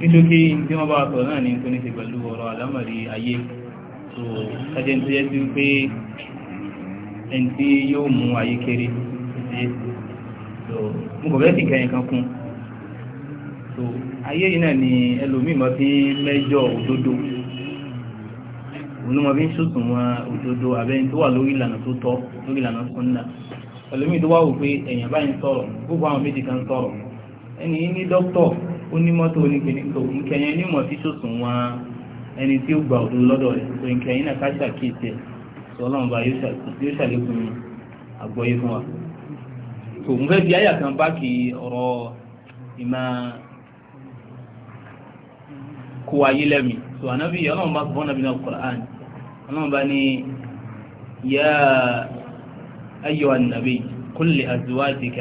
Speaker 2: nítorí tí wọ́n bá sọ náà ní tó ní ṣe pẹ̀lú ọ̀rọ̀ àlámọ̀rí ayé so ṣájẹ́ ní tó yẹ sí pé ẹni tí yóò mú ayé kéré so mo kò bẹ́ẹ̀ sì kẹyìn kan kún so ayé yìí náà ni ẹlòmíì máa fi mẹ́jọ òdodo òun ló máa fi ń ṣòṣùwọ̀n òdodo àbẹ́yìn tó wà lórí ìlànà tó tọ́ lórí ìlànà sunna ẹlòmíì tó wá wò pé èèyàn báyìí ń sọ̀rọ̀ gbogbo àwọn méjì kan sọ̀rọ̀ ẹni ní dókítọ̀ ó ní mọ́tò oníkìníkò nkẹyìn ní mọ̀ tí sòsùn wọn ẹni tí ó gbà òdodo lọ́dọ̀ rẹ̀ pé nkẹyìn náà káṣà kíyèsí ẹ̀ sọ ọlọ́run bá yóò ṣàlékún àgbọ́yé fún wa. tó ń fẹ́ fi àyà kan bá kí ọ̀rọ̀ ìmọ̀ kó ayé lẹ́mìí tó ànábì ọlọ́run bá náà Kùránì أيها النبي قل لأزواجك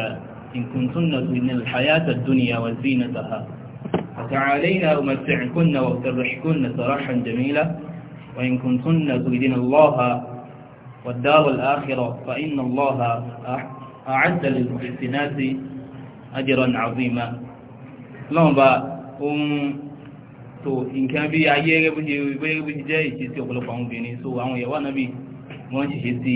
Speaker 2: إن كنتن من الحياة الدنيا وزينتها فتعالينا أمتعكن وأسرحكن سراحا جميلا وإن كنتن تريدن الله والدار الآخرة فإن الله أعد للمحسنات أجرا عظيما lọ́wọ́n bá ohun tó nǹkan bí ayé gẹ́gẹ́ bó ṣe jẹ́ ìṣesí ọ̀pọ̀lọpọ̀ àwọn obìnrin so àwọn ìyàwó ànábì wọ́n ṣiṣẹ́ sí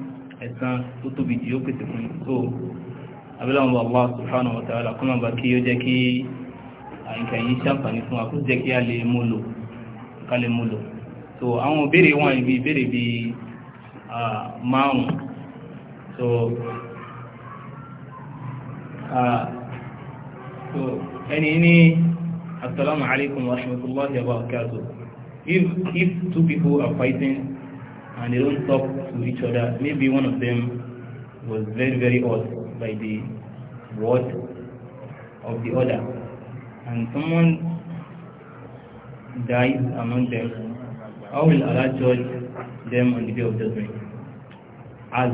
Speaker 2: ẹ̀san tó tóbi jù yóò pèsè fún so abẹ́láwọn Allah subhanahu wa kọ́nà bá kí ó jẹ́ kí àyíká yìí ṣàǹfààní fún wa jẹ́ kí a lè múlò ká múlò so àwọn ìbéèrè wọn ibi ìbéèrè bí márùn so ẹni ní assalamu alaikum wa rahmatullahi wa barakatuh if two people are fighting and they don't talk to each other. Maybe one of them was very, very odd by the word of the other. And someone dies among them. How will Allah judge them on the day of judgment? As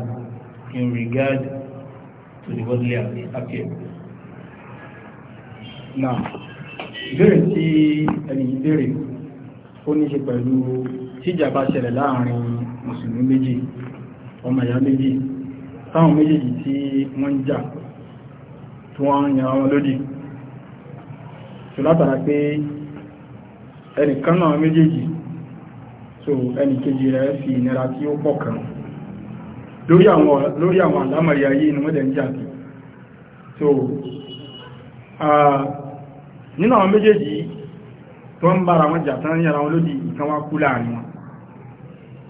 Speaker 2: in regard to the worldly Okay. Now, ìbéèrè tí
Speaker 1: ẹni ìbéèrè ó ní ṣe pẹ̀lú tíjà bá ṣẹlẹ̀ láàrin mùsùlùmí méjì ọmọ ìyá méjì táwọn méjèèjì tí wọ́n ń jà tí wọ́n ń yàn wọn lódì tó látara pé ẹnìkan náà méjèèjì so ẹnìkejì rẹ̀ fi ìnira tí ó pọ̀ kan lórí àwọn àlámọ̀rí ayé inú mọ́dẹ̀ ń jà sí so nínú àwọn méjèèjì tó ń bára wọn jà tán yàrá wọn lódì ìkan wá kú láàrin wọn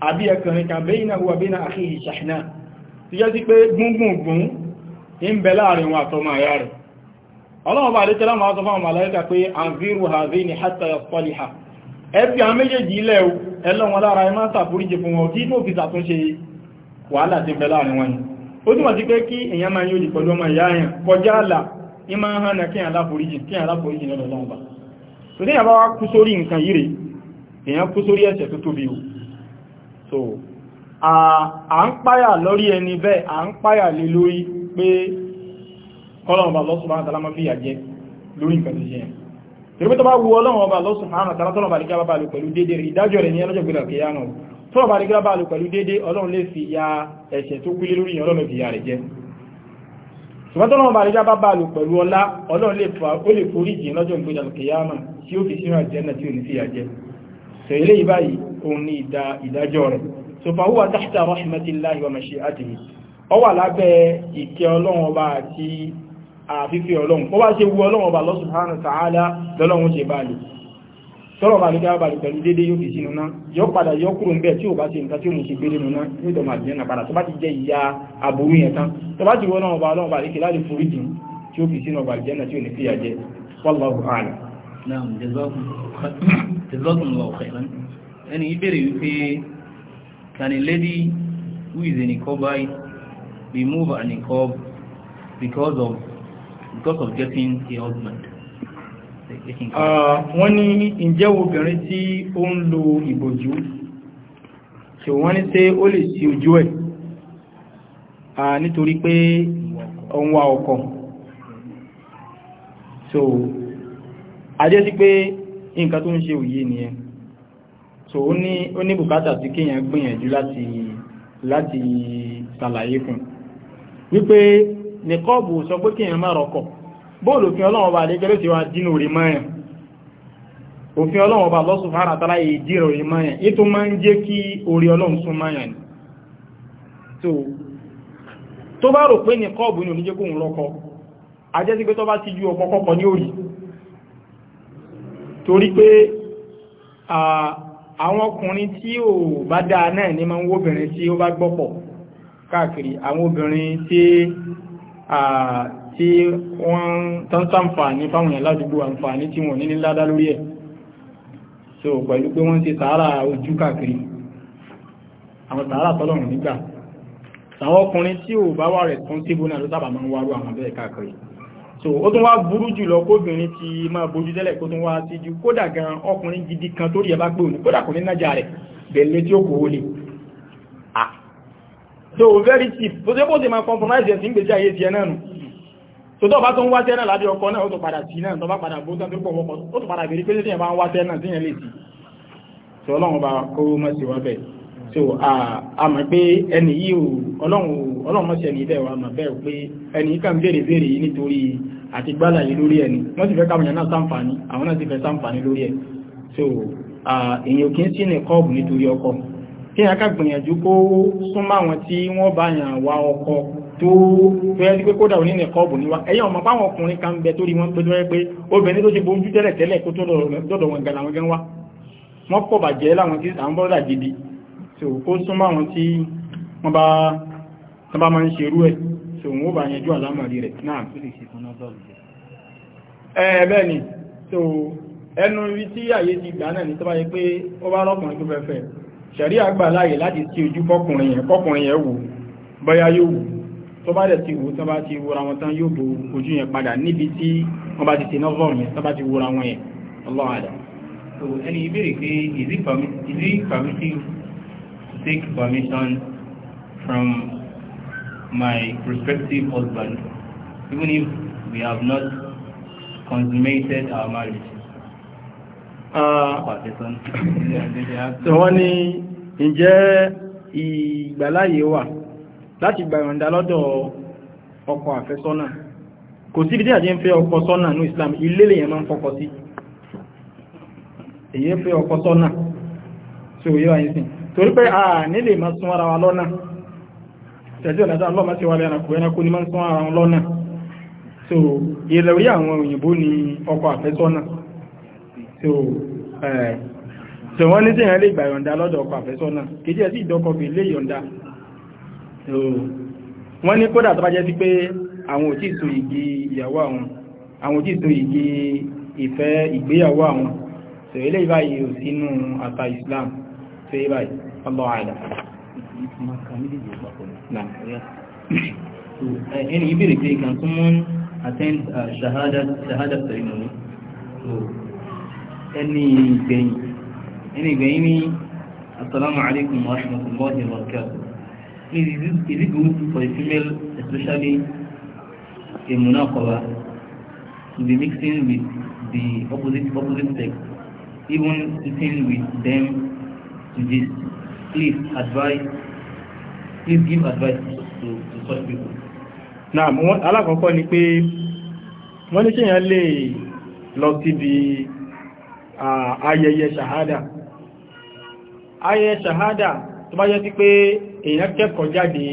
Speaker 1: àbí ẹkùnrin kan bẹ́ iná wà bí iná àkíyì ṣàṣìná tí yẹ́ sí pé gúngùngún ń bẹ láàrin wọn àtọmọ àyá rẹ̀ ọlọ́wọ́ bá adékẹ́lá máa sọ fáwọn màláíkà pé anziru hazi ni hatta yasfaliha ẹbí àwọn méjèèjì ilẹ̀ ẹlọ́wọ́n lára ẹ máa sàforíjì fún wọn tí tó fi sàtúnṣe wàhálà ti bẹ láàrin wọn ó túnmọ̀ sí pé kí èèyàn kú sórí nǹkan tó tóbi o so à ń páyà lórí ẹni bẹ́ẹ̀ à ń páyà lé lórí pé kọ́lọ̀n ọba lọ́sùn máa tàlámà fìyà jẹ lórí nǹkan tó ṣe yẹn tìrìbí tó bá wu ọlọ́run ọba lọ́sùn máa tàlá tọ́lọ̀ bàlíkà bá lò pẹ̀lú déédé rí ìdájọ́ rẹ̀ ní ọlọ́jọ́ gbẹ̀rẹ̀ kìíyà náà tọ́lọ̀ bàlíkà bá lò pẹ̀lú déédé ọlọ́run lè fi ya ẹ̀ṣẹ̀ tó kúlé lórí yẹn ọlọ́run fìyà rẹ̀ jẹ ṣùgbọ́n tọ́lọ́run bàlíkà bá bá lò pẹ̀lú ọlá ọlọ́run lè fa ó lè forí jìn lọ́jọ́ ìgbẹ̀rẹ̀ kìíyà tí ó fi sínú àjẹ́ náà tí ò ní fìyà jẹ sọ eléyìí báyìí òun ní ìdájọ́ rẹ̀ so fàwúwà tahta rahmatillahi wa mashi'atihi ọ wà lábẹ́ ìkẹ́ ọlọ́run ọba àti àfífẹ́ ọlọ́run ó wá ṣe wu ọlọ́run ọba Allah subhanahu wa ta'ala lọ́lọ́run ṣe báàlì tọ́rọ̀ bá ní dábà pẹ̀lú dédé yóò fi sínú náà yọ padà yọ kúrò ń bẹ̀ tí ò bá ṣe nǹkan tí ó mú sí gbé nínú náà ní ìdọ̀mà àdìyàn náà padà tó bá ti jẹ ìyá aburú yẹn tán
Speaker 2: fi sínú ọba àdìyàn náà tí ò ní fìyà jẹ ẹni ìbéèrè wípé can a lady who is a niqabite remove a niqab because of because of getting a husband ah,
Speaker 1: wọ́n ní ǹjẹ́ obìnrin tí ó ń lo ìbòjú tí wọ́n ní tí ó lè sí ojú ẹ̀ nítorí pé òun wá so a jẹ́ sí pé nǹkan tó ń ṣe òye nìyẹn so ó ní ó ní bùkátà sí kéèyàn gbìyànjú láti láti ṣàlàyé fún wípé nìkọ́ọ̀bù sọ pé kéèyàn má rọkọ̀ bóòlù òfin ọlọ́run ọba àdéjọ́ ti wá dínú rí mọ́yàn òfin ọlọ́run ọba lọ́sùn fara tara èdè rí mọ́yàn ètò máa ń jẹ́ kí orí ọlọ́run sún mọ́yàn ni tó bá rò pé nìkọ́ọ̀bù ní oníjẹ́ kóhun rọkọ̀ ajẹ́ sí pé tó bá ti ju ọ̀pọ̀ kọ́kọ́ ní òrì torí pé àwọn ọkùnrin tí ò bá dáa náà ní máa ń wóbìnrin tí ó bá gbọ́pọ̀ káàkiri àwọn obìnrin tí tí wọ́n tán sàǹfààní fáwọn èèyàn ládùúgbò àǹfààní tí wọ́n ní ní ládá lórí ẹ̀ so pẹ̀lú pé wọ́n ti sàárà ojú káàkiri àwọn sàárà tọ́lọ̀rùn nígbà àwọn ọkùnrin tí ò bá wà responsible náà ló sábà máa ń wárú àwọn bẹ́ẹ̀ káàkiri so ó tún wá burú jùlọ kóbìnrin ti máa bójú tẹ́lẹ̀ kó tún wá tijú kódà gan ọkùnrin gidi kan tó rí ẹ bá pé òní kódà kò ní nájà rẹ̀ bẹ̀lẹ̀ tí ó kò ah so very cheap bó ṣe bó ṣe ma compromise ẹ̀sìn gbèsè ayé tiẹ̀ náà nù tó tó bá tó ń wáṣẹ́ náà lábẹ́ ọkọ náà ó tó padà sí náà tó bá padà bó tán tó pọ̀ wọ́pọ̀ ó tó padà bèèrè pé tí ẹ̀ bá ń wáṣẹ́ náà tí ẹ̀ lè sí tí ọlọ́run bá kó mọ́ sí wábẹ̀ so a mọ̀ pé ẹni yìí ọlọ́run ọlọ́mọṣẹ́ ní bẹ́ẹ̀ wà mà bẹ́ẹ̀ pé ẹni kàn béèrè béèrè yìí nítorí àti gbálàyé lórí ẹni wọ́n ti fẹ́ so èyàn kì í sí ní kọ́ọ̀bù nítorí ọkọ kí ẹ̀ka gbìyànjú kó súnmọ́ àwọn tí wọ́n bá yàn wá ọkọ tó fẹ́ pé kódà òní ní kọ́ọ̀bù níwá ẹ̀yìn ọmọ báwọn ọkùnrin kan bẹ torí wọn pé tó rẹ́ pé obìnrin tó ti bojú tẹ́lẹ̀ tẹ́lẹ̀ kó tó dọ̀dọ̀ gidi so kó súnmọ́ àwọn tí tán bá máa ń ṣerú ẹ̀ so wọ́n bá yẹjú àlámàrí rẹ̀ náà ẹ̀ẹ́bẹ́ ni so ẹnu rí tí àyè ti gbà náà ní tó yẹ pé ó bá rọ́kùnrin tó fẹ́fẹ́ ṣẹ̀rí àgbà láàyè láti tí ojú kọkùnrin yẹn wò bọ́yá yóò wò tó bá dẹ̀ ti wò tó bá ti wòra wọn tán yóò bo ojú yẹn padà níbi tí wọ́n bá ti ti nọ́vọ̀
Speaker 2: is it permitted to permission from my prospective husband, even if we have not consummated our marriage. Ah. So wọ́n ní
Speaker 1: ǹjẹ́ ìgbàláyé wà láti gba ìrànda lọ́dọ̀ ọkọ àfẹ́sọ́nà. Kò sí dídí àjẹ́ ń fẹ́ ọkọ sọ́nà ní Islam, ilé lèyàn máa ń fọkọ sí. Èyí fẹ́ ọkọ sọ́nà, so yíwa yìí sìn. Torí pé a nílè máa sún ara wa lọ́nà tẹ̀sí ọ̀nà sáà lọ́mà sí wà lẹ́ranko ẹranko ni máa ń sán ara wọn lọ́nà so ilẹ̀ orí àwọn òyìnbó ni ọkọ àfẹ́sọ́nà so ṣe wọ́n ní sẹ́yìn lè gbà yọ̀ǹda lọ́dọ̀ ọkọ àfẹ́sọ́nà kejì ẹ̀ sí ìdọ́kọ̀ bí lè yọ̀ǹda so wọ́n ní kódà tó bá jẹ́ sí pé àwọn ò tí so igi ìyàwó àwọn àwọn ò tí so igi ìfẹ́ ìgbéyàwó àwọn so eléyìí
Speaker 2: báyìí ò sínú àta Islam so eléyìí báyìí Allah àìlà Any, ìbéèrè can someone attend shahada, ceremony So, any ẹni any ní assalamu alaikum wa rahmatullahi wa barakatuh please is it, is it good for a female especially a munaqaba to be mixing with the opposite opposite sex even sitting with them to this please advise Please give advice to, to such people. Náà, alákọ̀ọ́kọ́ ni pé
Speaker 1: wọ́n ní ṣèyàn lè lọ síbi ayẹyẹ ṣàhádà. Ayẹyẹ ṣàhádà tó bá jẹ́ sí pé èèyàn kẹ́kọ̀ọ́ jáde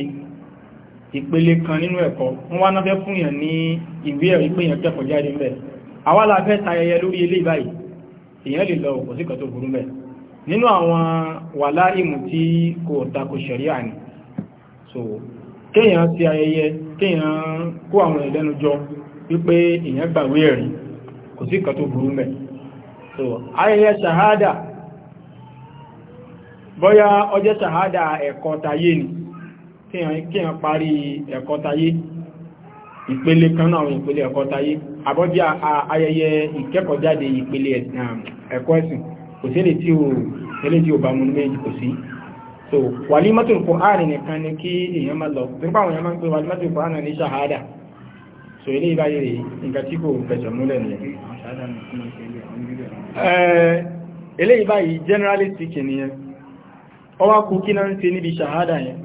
Speaker 1: ìpele kan nínú ẹ̀kọ́, wọ́n wá náfẹ́ fún èèyàn ní ìwé ẹ̀rí pé èèyàn kẹ́kọ̀ọ́ jáde ń bẹ̀. Àwa la fẹ́ ta ayẹyẹ lórí ilé báyìí, èèyàn lè lọ òkòsíkọ̀ tó burú mẹ́. Nínú àwọn wàláìmù tí kò tako ṣẹ̀ríà ni, so kéèyàn ti ayẹyẹ kéèyàn kó àwọn ẹ̀lẹ́nu wípé èèyàn gbàwé ẹ̀rí kò sí kan tó burú mẹ́ so ayẹyẹ ṣàhádà bóyá ọjẹ́ ṣàhádà ẹ̀kọ́ tayé ni kéèyàn parí ẹ̀kọ́ tayé ìpele kan náà ìpele ẹ̀kọ́ tayé ayẹyẹ ìkẹ́kọ̀ọ́jáde ìpele ẹ̀kọ́ ẹ̀sìn so walimatul Qur'an nìkan ni kí èèyàn máa lọ nípa àwọn èèyàn máa ń pè walimatul Qur'an ní ṣàhádà so ilé ìbáyé rẹ̀ nǹkan tí kò fẹsẹ̀ múlẹ̀ nìyẹn ilé ìbáyé generally speaking nìyẹn ọwá kú kí náà ń ṣe níbi ṣàhádà yẹn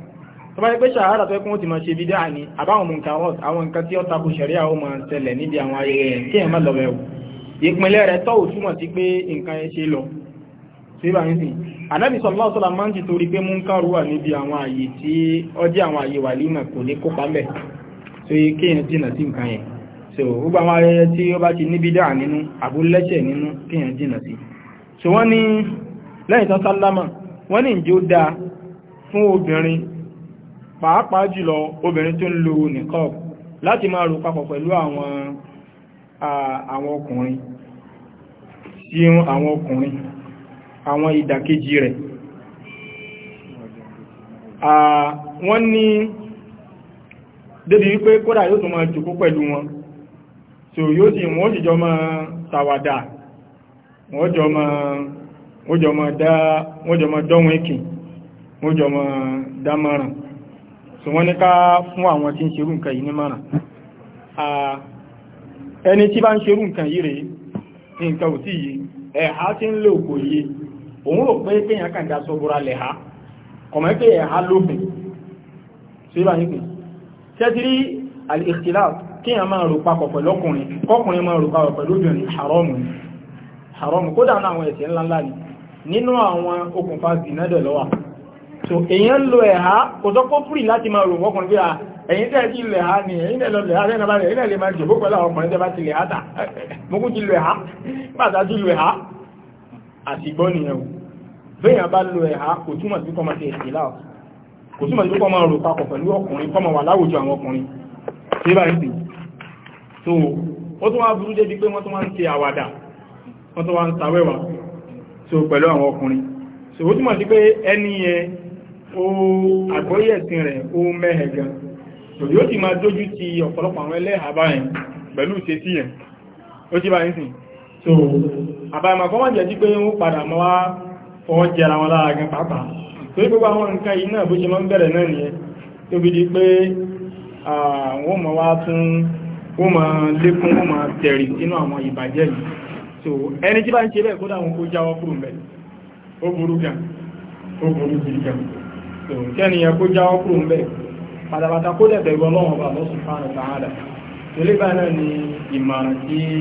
Speaker 1: tó bá yẹ pé ṣàhádà tó ẹkùn ó ti máa ṣe bídá ní àbáwọn mùnkàwọ́t àwọn nǹkan tí ó takò ṣẹ̀ríà ó máa ṣẹlẹ̀ níbi àwọn ayẹyẹ yẹn kí ẹ̀ má lọ bẹ̀wò ìpínlẹ̀ rẹ̀ tọ́wò túmọ̀ sí pé nǹkan ẹ ṣe lọ sí bá ń sìn anábì sallallahu alaihi wasallam máa ń ti torí pé mú ń kárù wà níbi àwọn àyè tí ọjẹ́ àwọn àyè wàlímà kò ní kópa mẹ́ so kéèyàn jìnà sí nǹkan yẹn so gbogbo àwọn ayẹyẹ tí ó bá ti ní bídà nínú àbúlẹ́ṣẹ̀ nínú kéèyàn jìnà sí so wọ́n ní lẹ́yìn tán sálámà wọ́n ní ìjó dáa fún obìnrin pàápàá jùlọ obìnrin tó ń lo nìkọ́ọ̀bù láti máa rò papọ̀ pẹ̀lú àwọn ọkùnrin àwọn ìdàkejì rẹ̀ wọ́n ní débi wípé kódà yóò tún máa jòkó pẹ̀lú wọn so yóò sì wọ́n sì jọ máa ṣàwàdà wọ́n jọ máa wọ́n jọ máa dá wọ́n jọ máa dọ́wọ́n ìkì jọ máa dá márùn so wọ́n ní ká fún àwọn tí ń ṣerú nǹkan yìí ní márùn ẹni tí bá ń ṣerú nǹkan yìí rèé nǹkan ò tí yìí ẹ̀há tí ń lò kò yìí òun rò pé kéèyàn kàn já sọ́bùra lẹ̀ ha kọ̀mọ́ pé ẹ̀ ha lófin ṣé bá nípe ṣẹ́tìrí al-ikhtilaf kéèyàn máa rò papọ̀ pẹ̀lú ọkùnrin kọkùnrin máa rò papọ̀ pẹ̀lú obìnrin haramu haramu ni nínú àwọn okùnfà zinadẹ̀ lọ́wà so èyàn lo ẹ̀há kò tọ́kọ́ fúrì láti máa rò wọ́kùnrin pé à ẹ̀yìn tẹ́ ti lẹ̀ ha ni ẹ̀yìn lọ lẹ̀ ha lẹ́nà bá rẹ̀ ẹ̀yìn lẹ̀ máa jòkó pẹ̀lú àwọn ọkùnrin tẹ́ bá ti lẹ̀ ha tà mọ́kún ti lẹ̀ ha pàtàkì lẹ̀ ha àti gbọ́ nìyẹn o bẹ́yàn bá lo ẹ̀há kò túmọ̀ sí kọ́mọ sí ẹ̀sìn láà kò túmọ̀ sí kọ́mọ rò papọ̀ pẹ̀lú ọkùnrin kọ́mọ wà láwùjọ àwọn ọkùnrin tí bá ń sì so ó tún wá burú débi pé wọ́n tún wá ń ṣe àwàdà wọ́n tún wá ń sawẹ́wà so pẹ̀lú àwọn ọkùnrin so ó túmọ̀ sí pé ẹni yẹn ó àgbọ́yé ẹ̀sìn rẹ̀ ó mẹ́hẹ̀ gan so yóò sì máa dójú ti ọ̀pọ̀lọpọ̀ àwọn ẹlẹ́hàá báyẹn pẹ̀lú ìṣesí yẹn ó sì bá ń sìn so àbáyọmọ̀ kọ́ wọ́n jẹ́ sí pé wọ́n padà mọ́ wá fọwọ́ jẹra wọn lára gan pàápàá torí gbogbo àwọn nǹkan yìí náà bó ṣe máa ń bẹ̀rẹ̀ náà nìyẹn tó di pé wọ́n mọ̀ wá tún wọ́n lékún tẹ̀rì inú àwọn ìbàjẹ́ yìí wọn so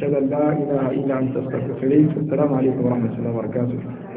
Speaker 2: أشهد أن لا إله إلا أنت أستغفرك السلام عليكم ورحمة الله وبركاته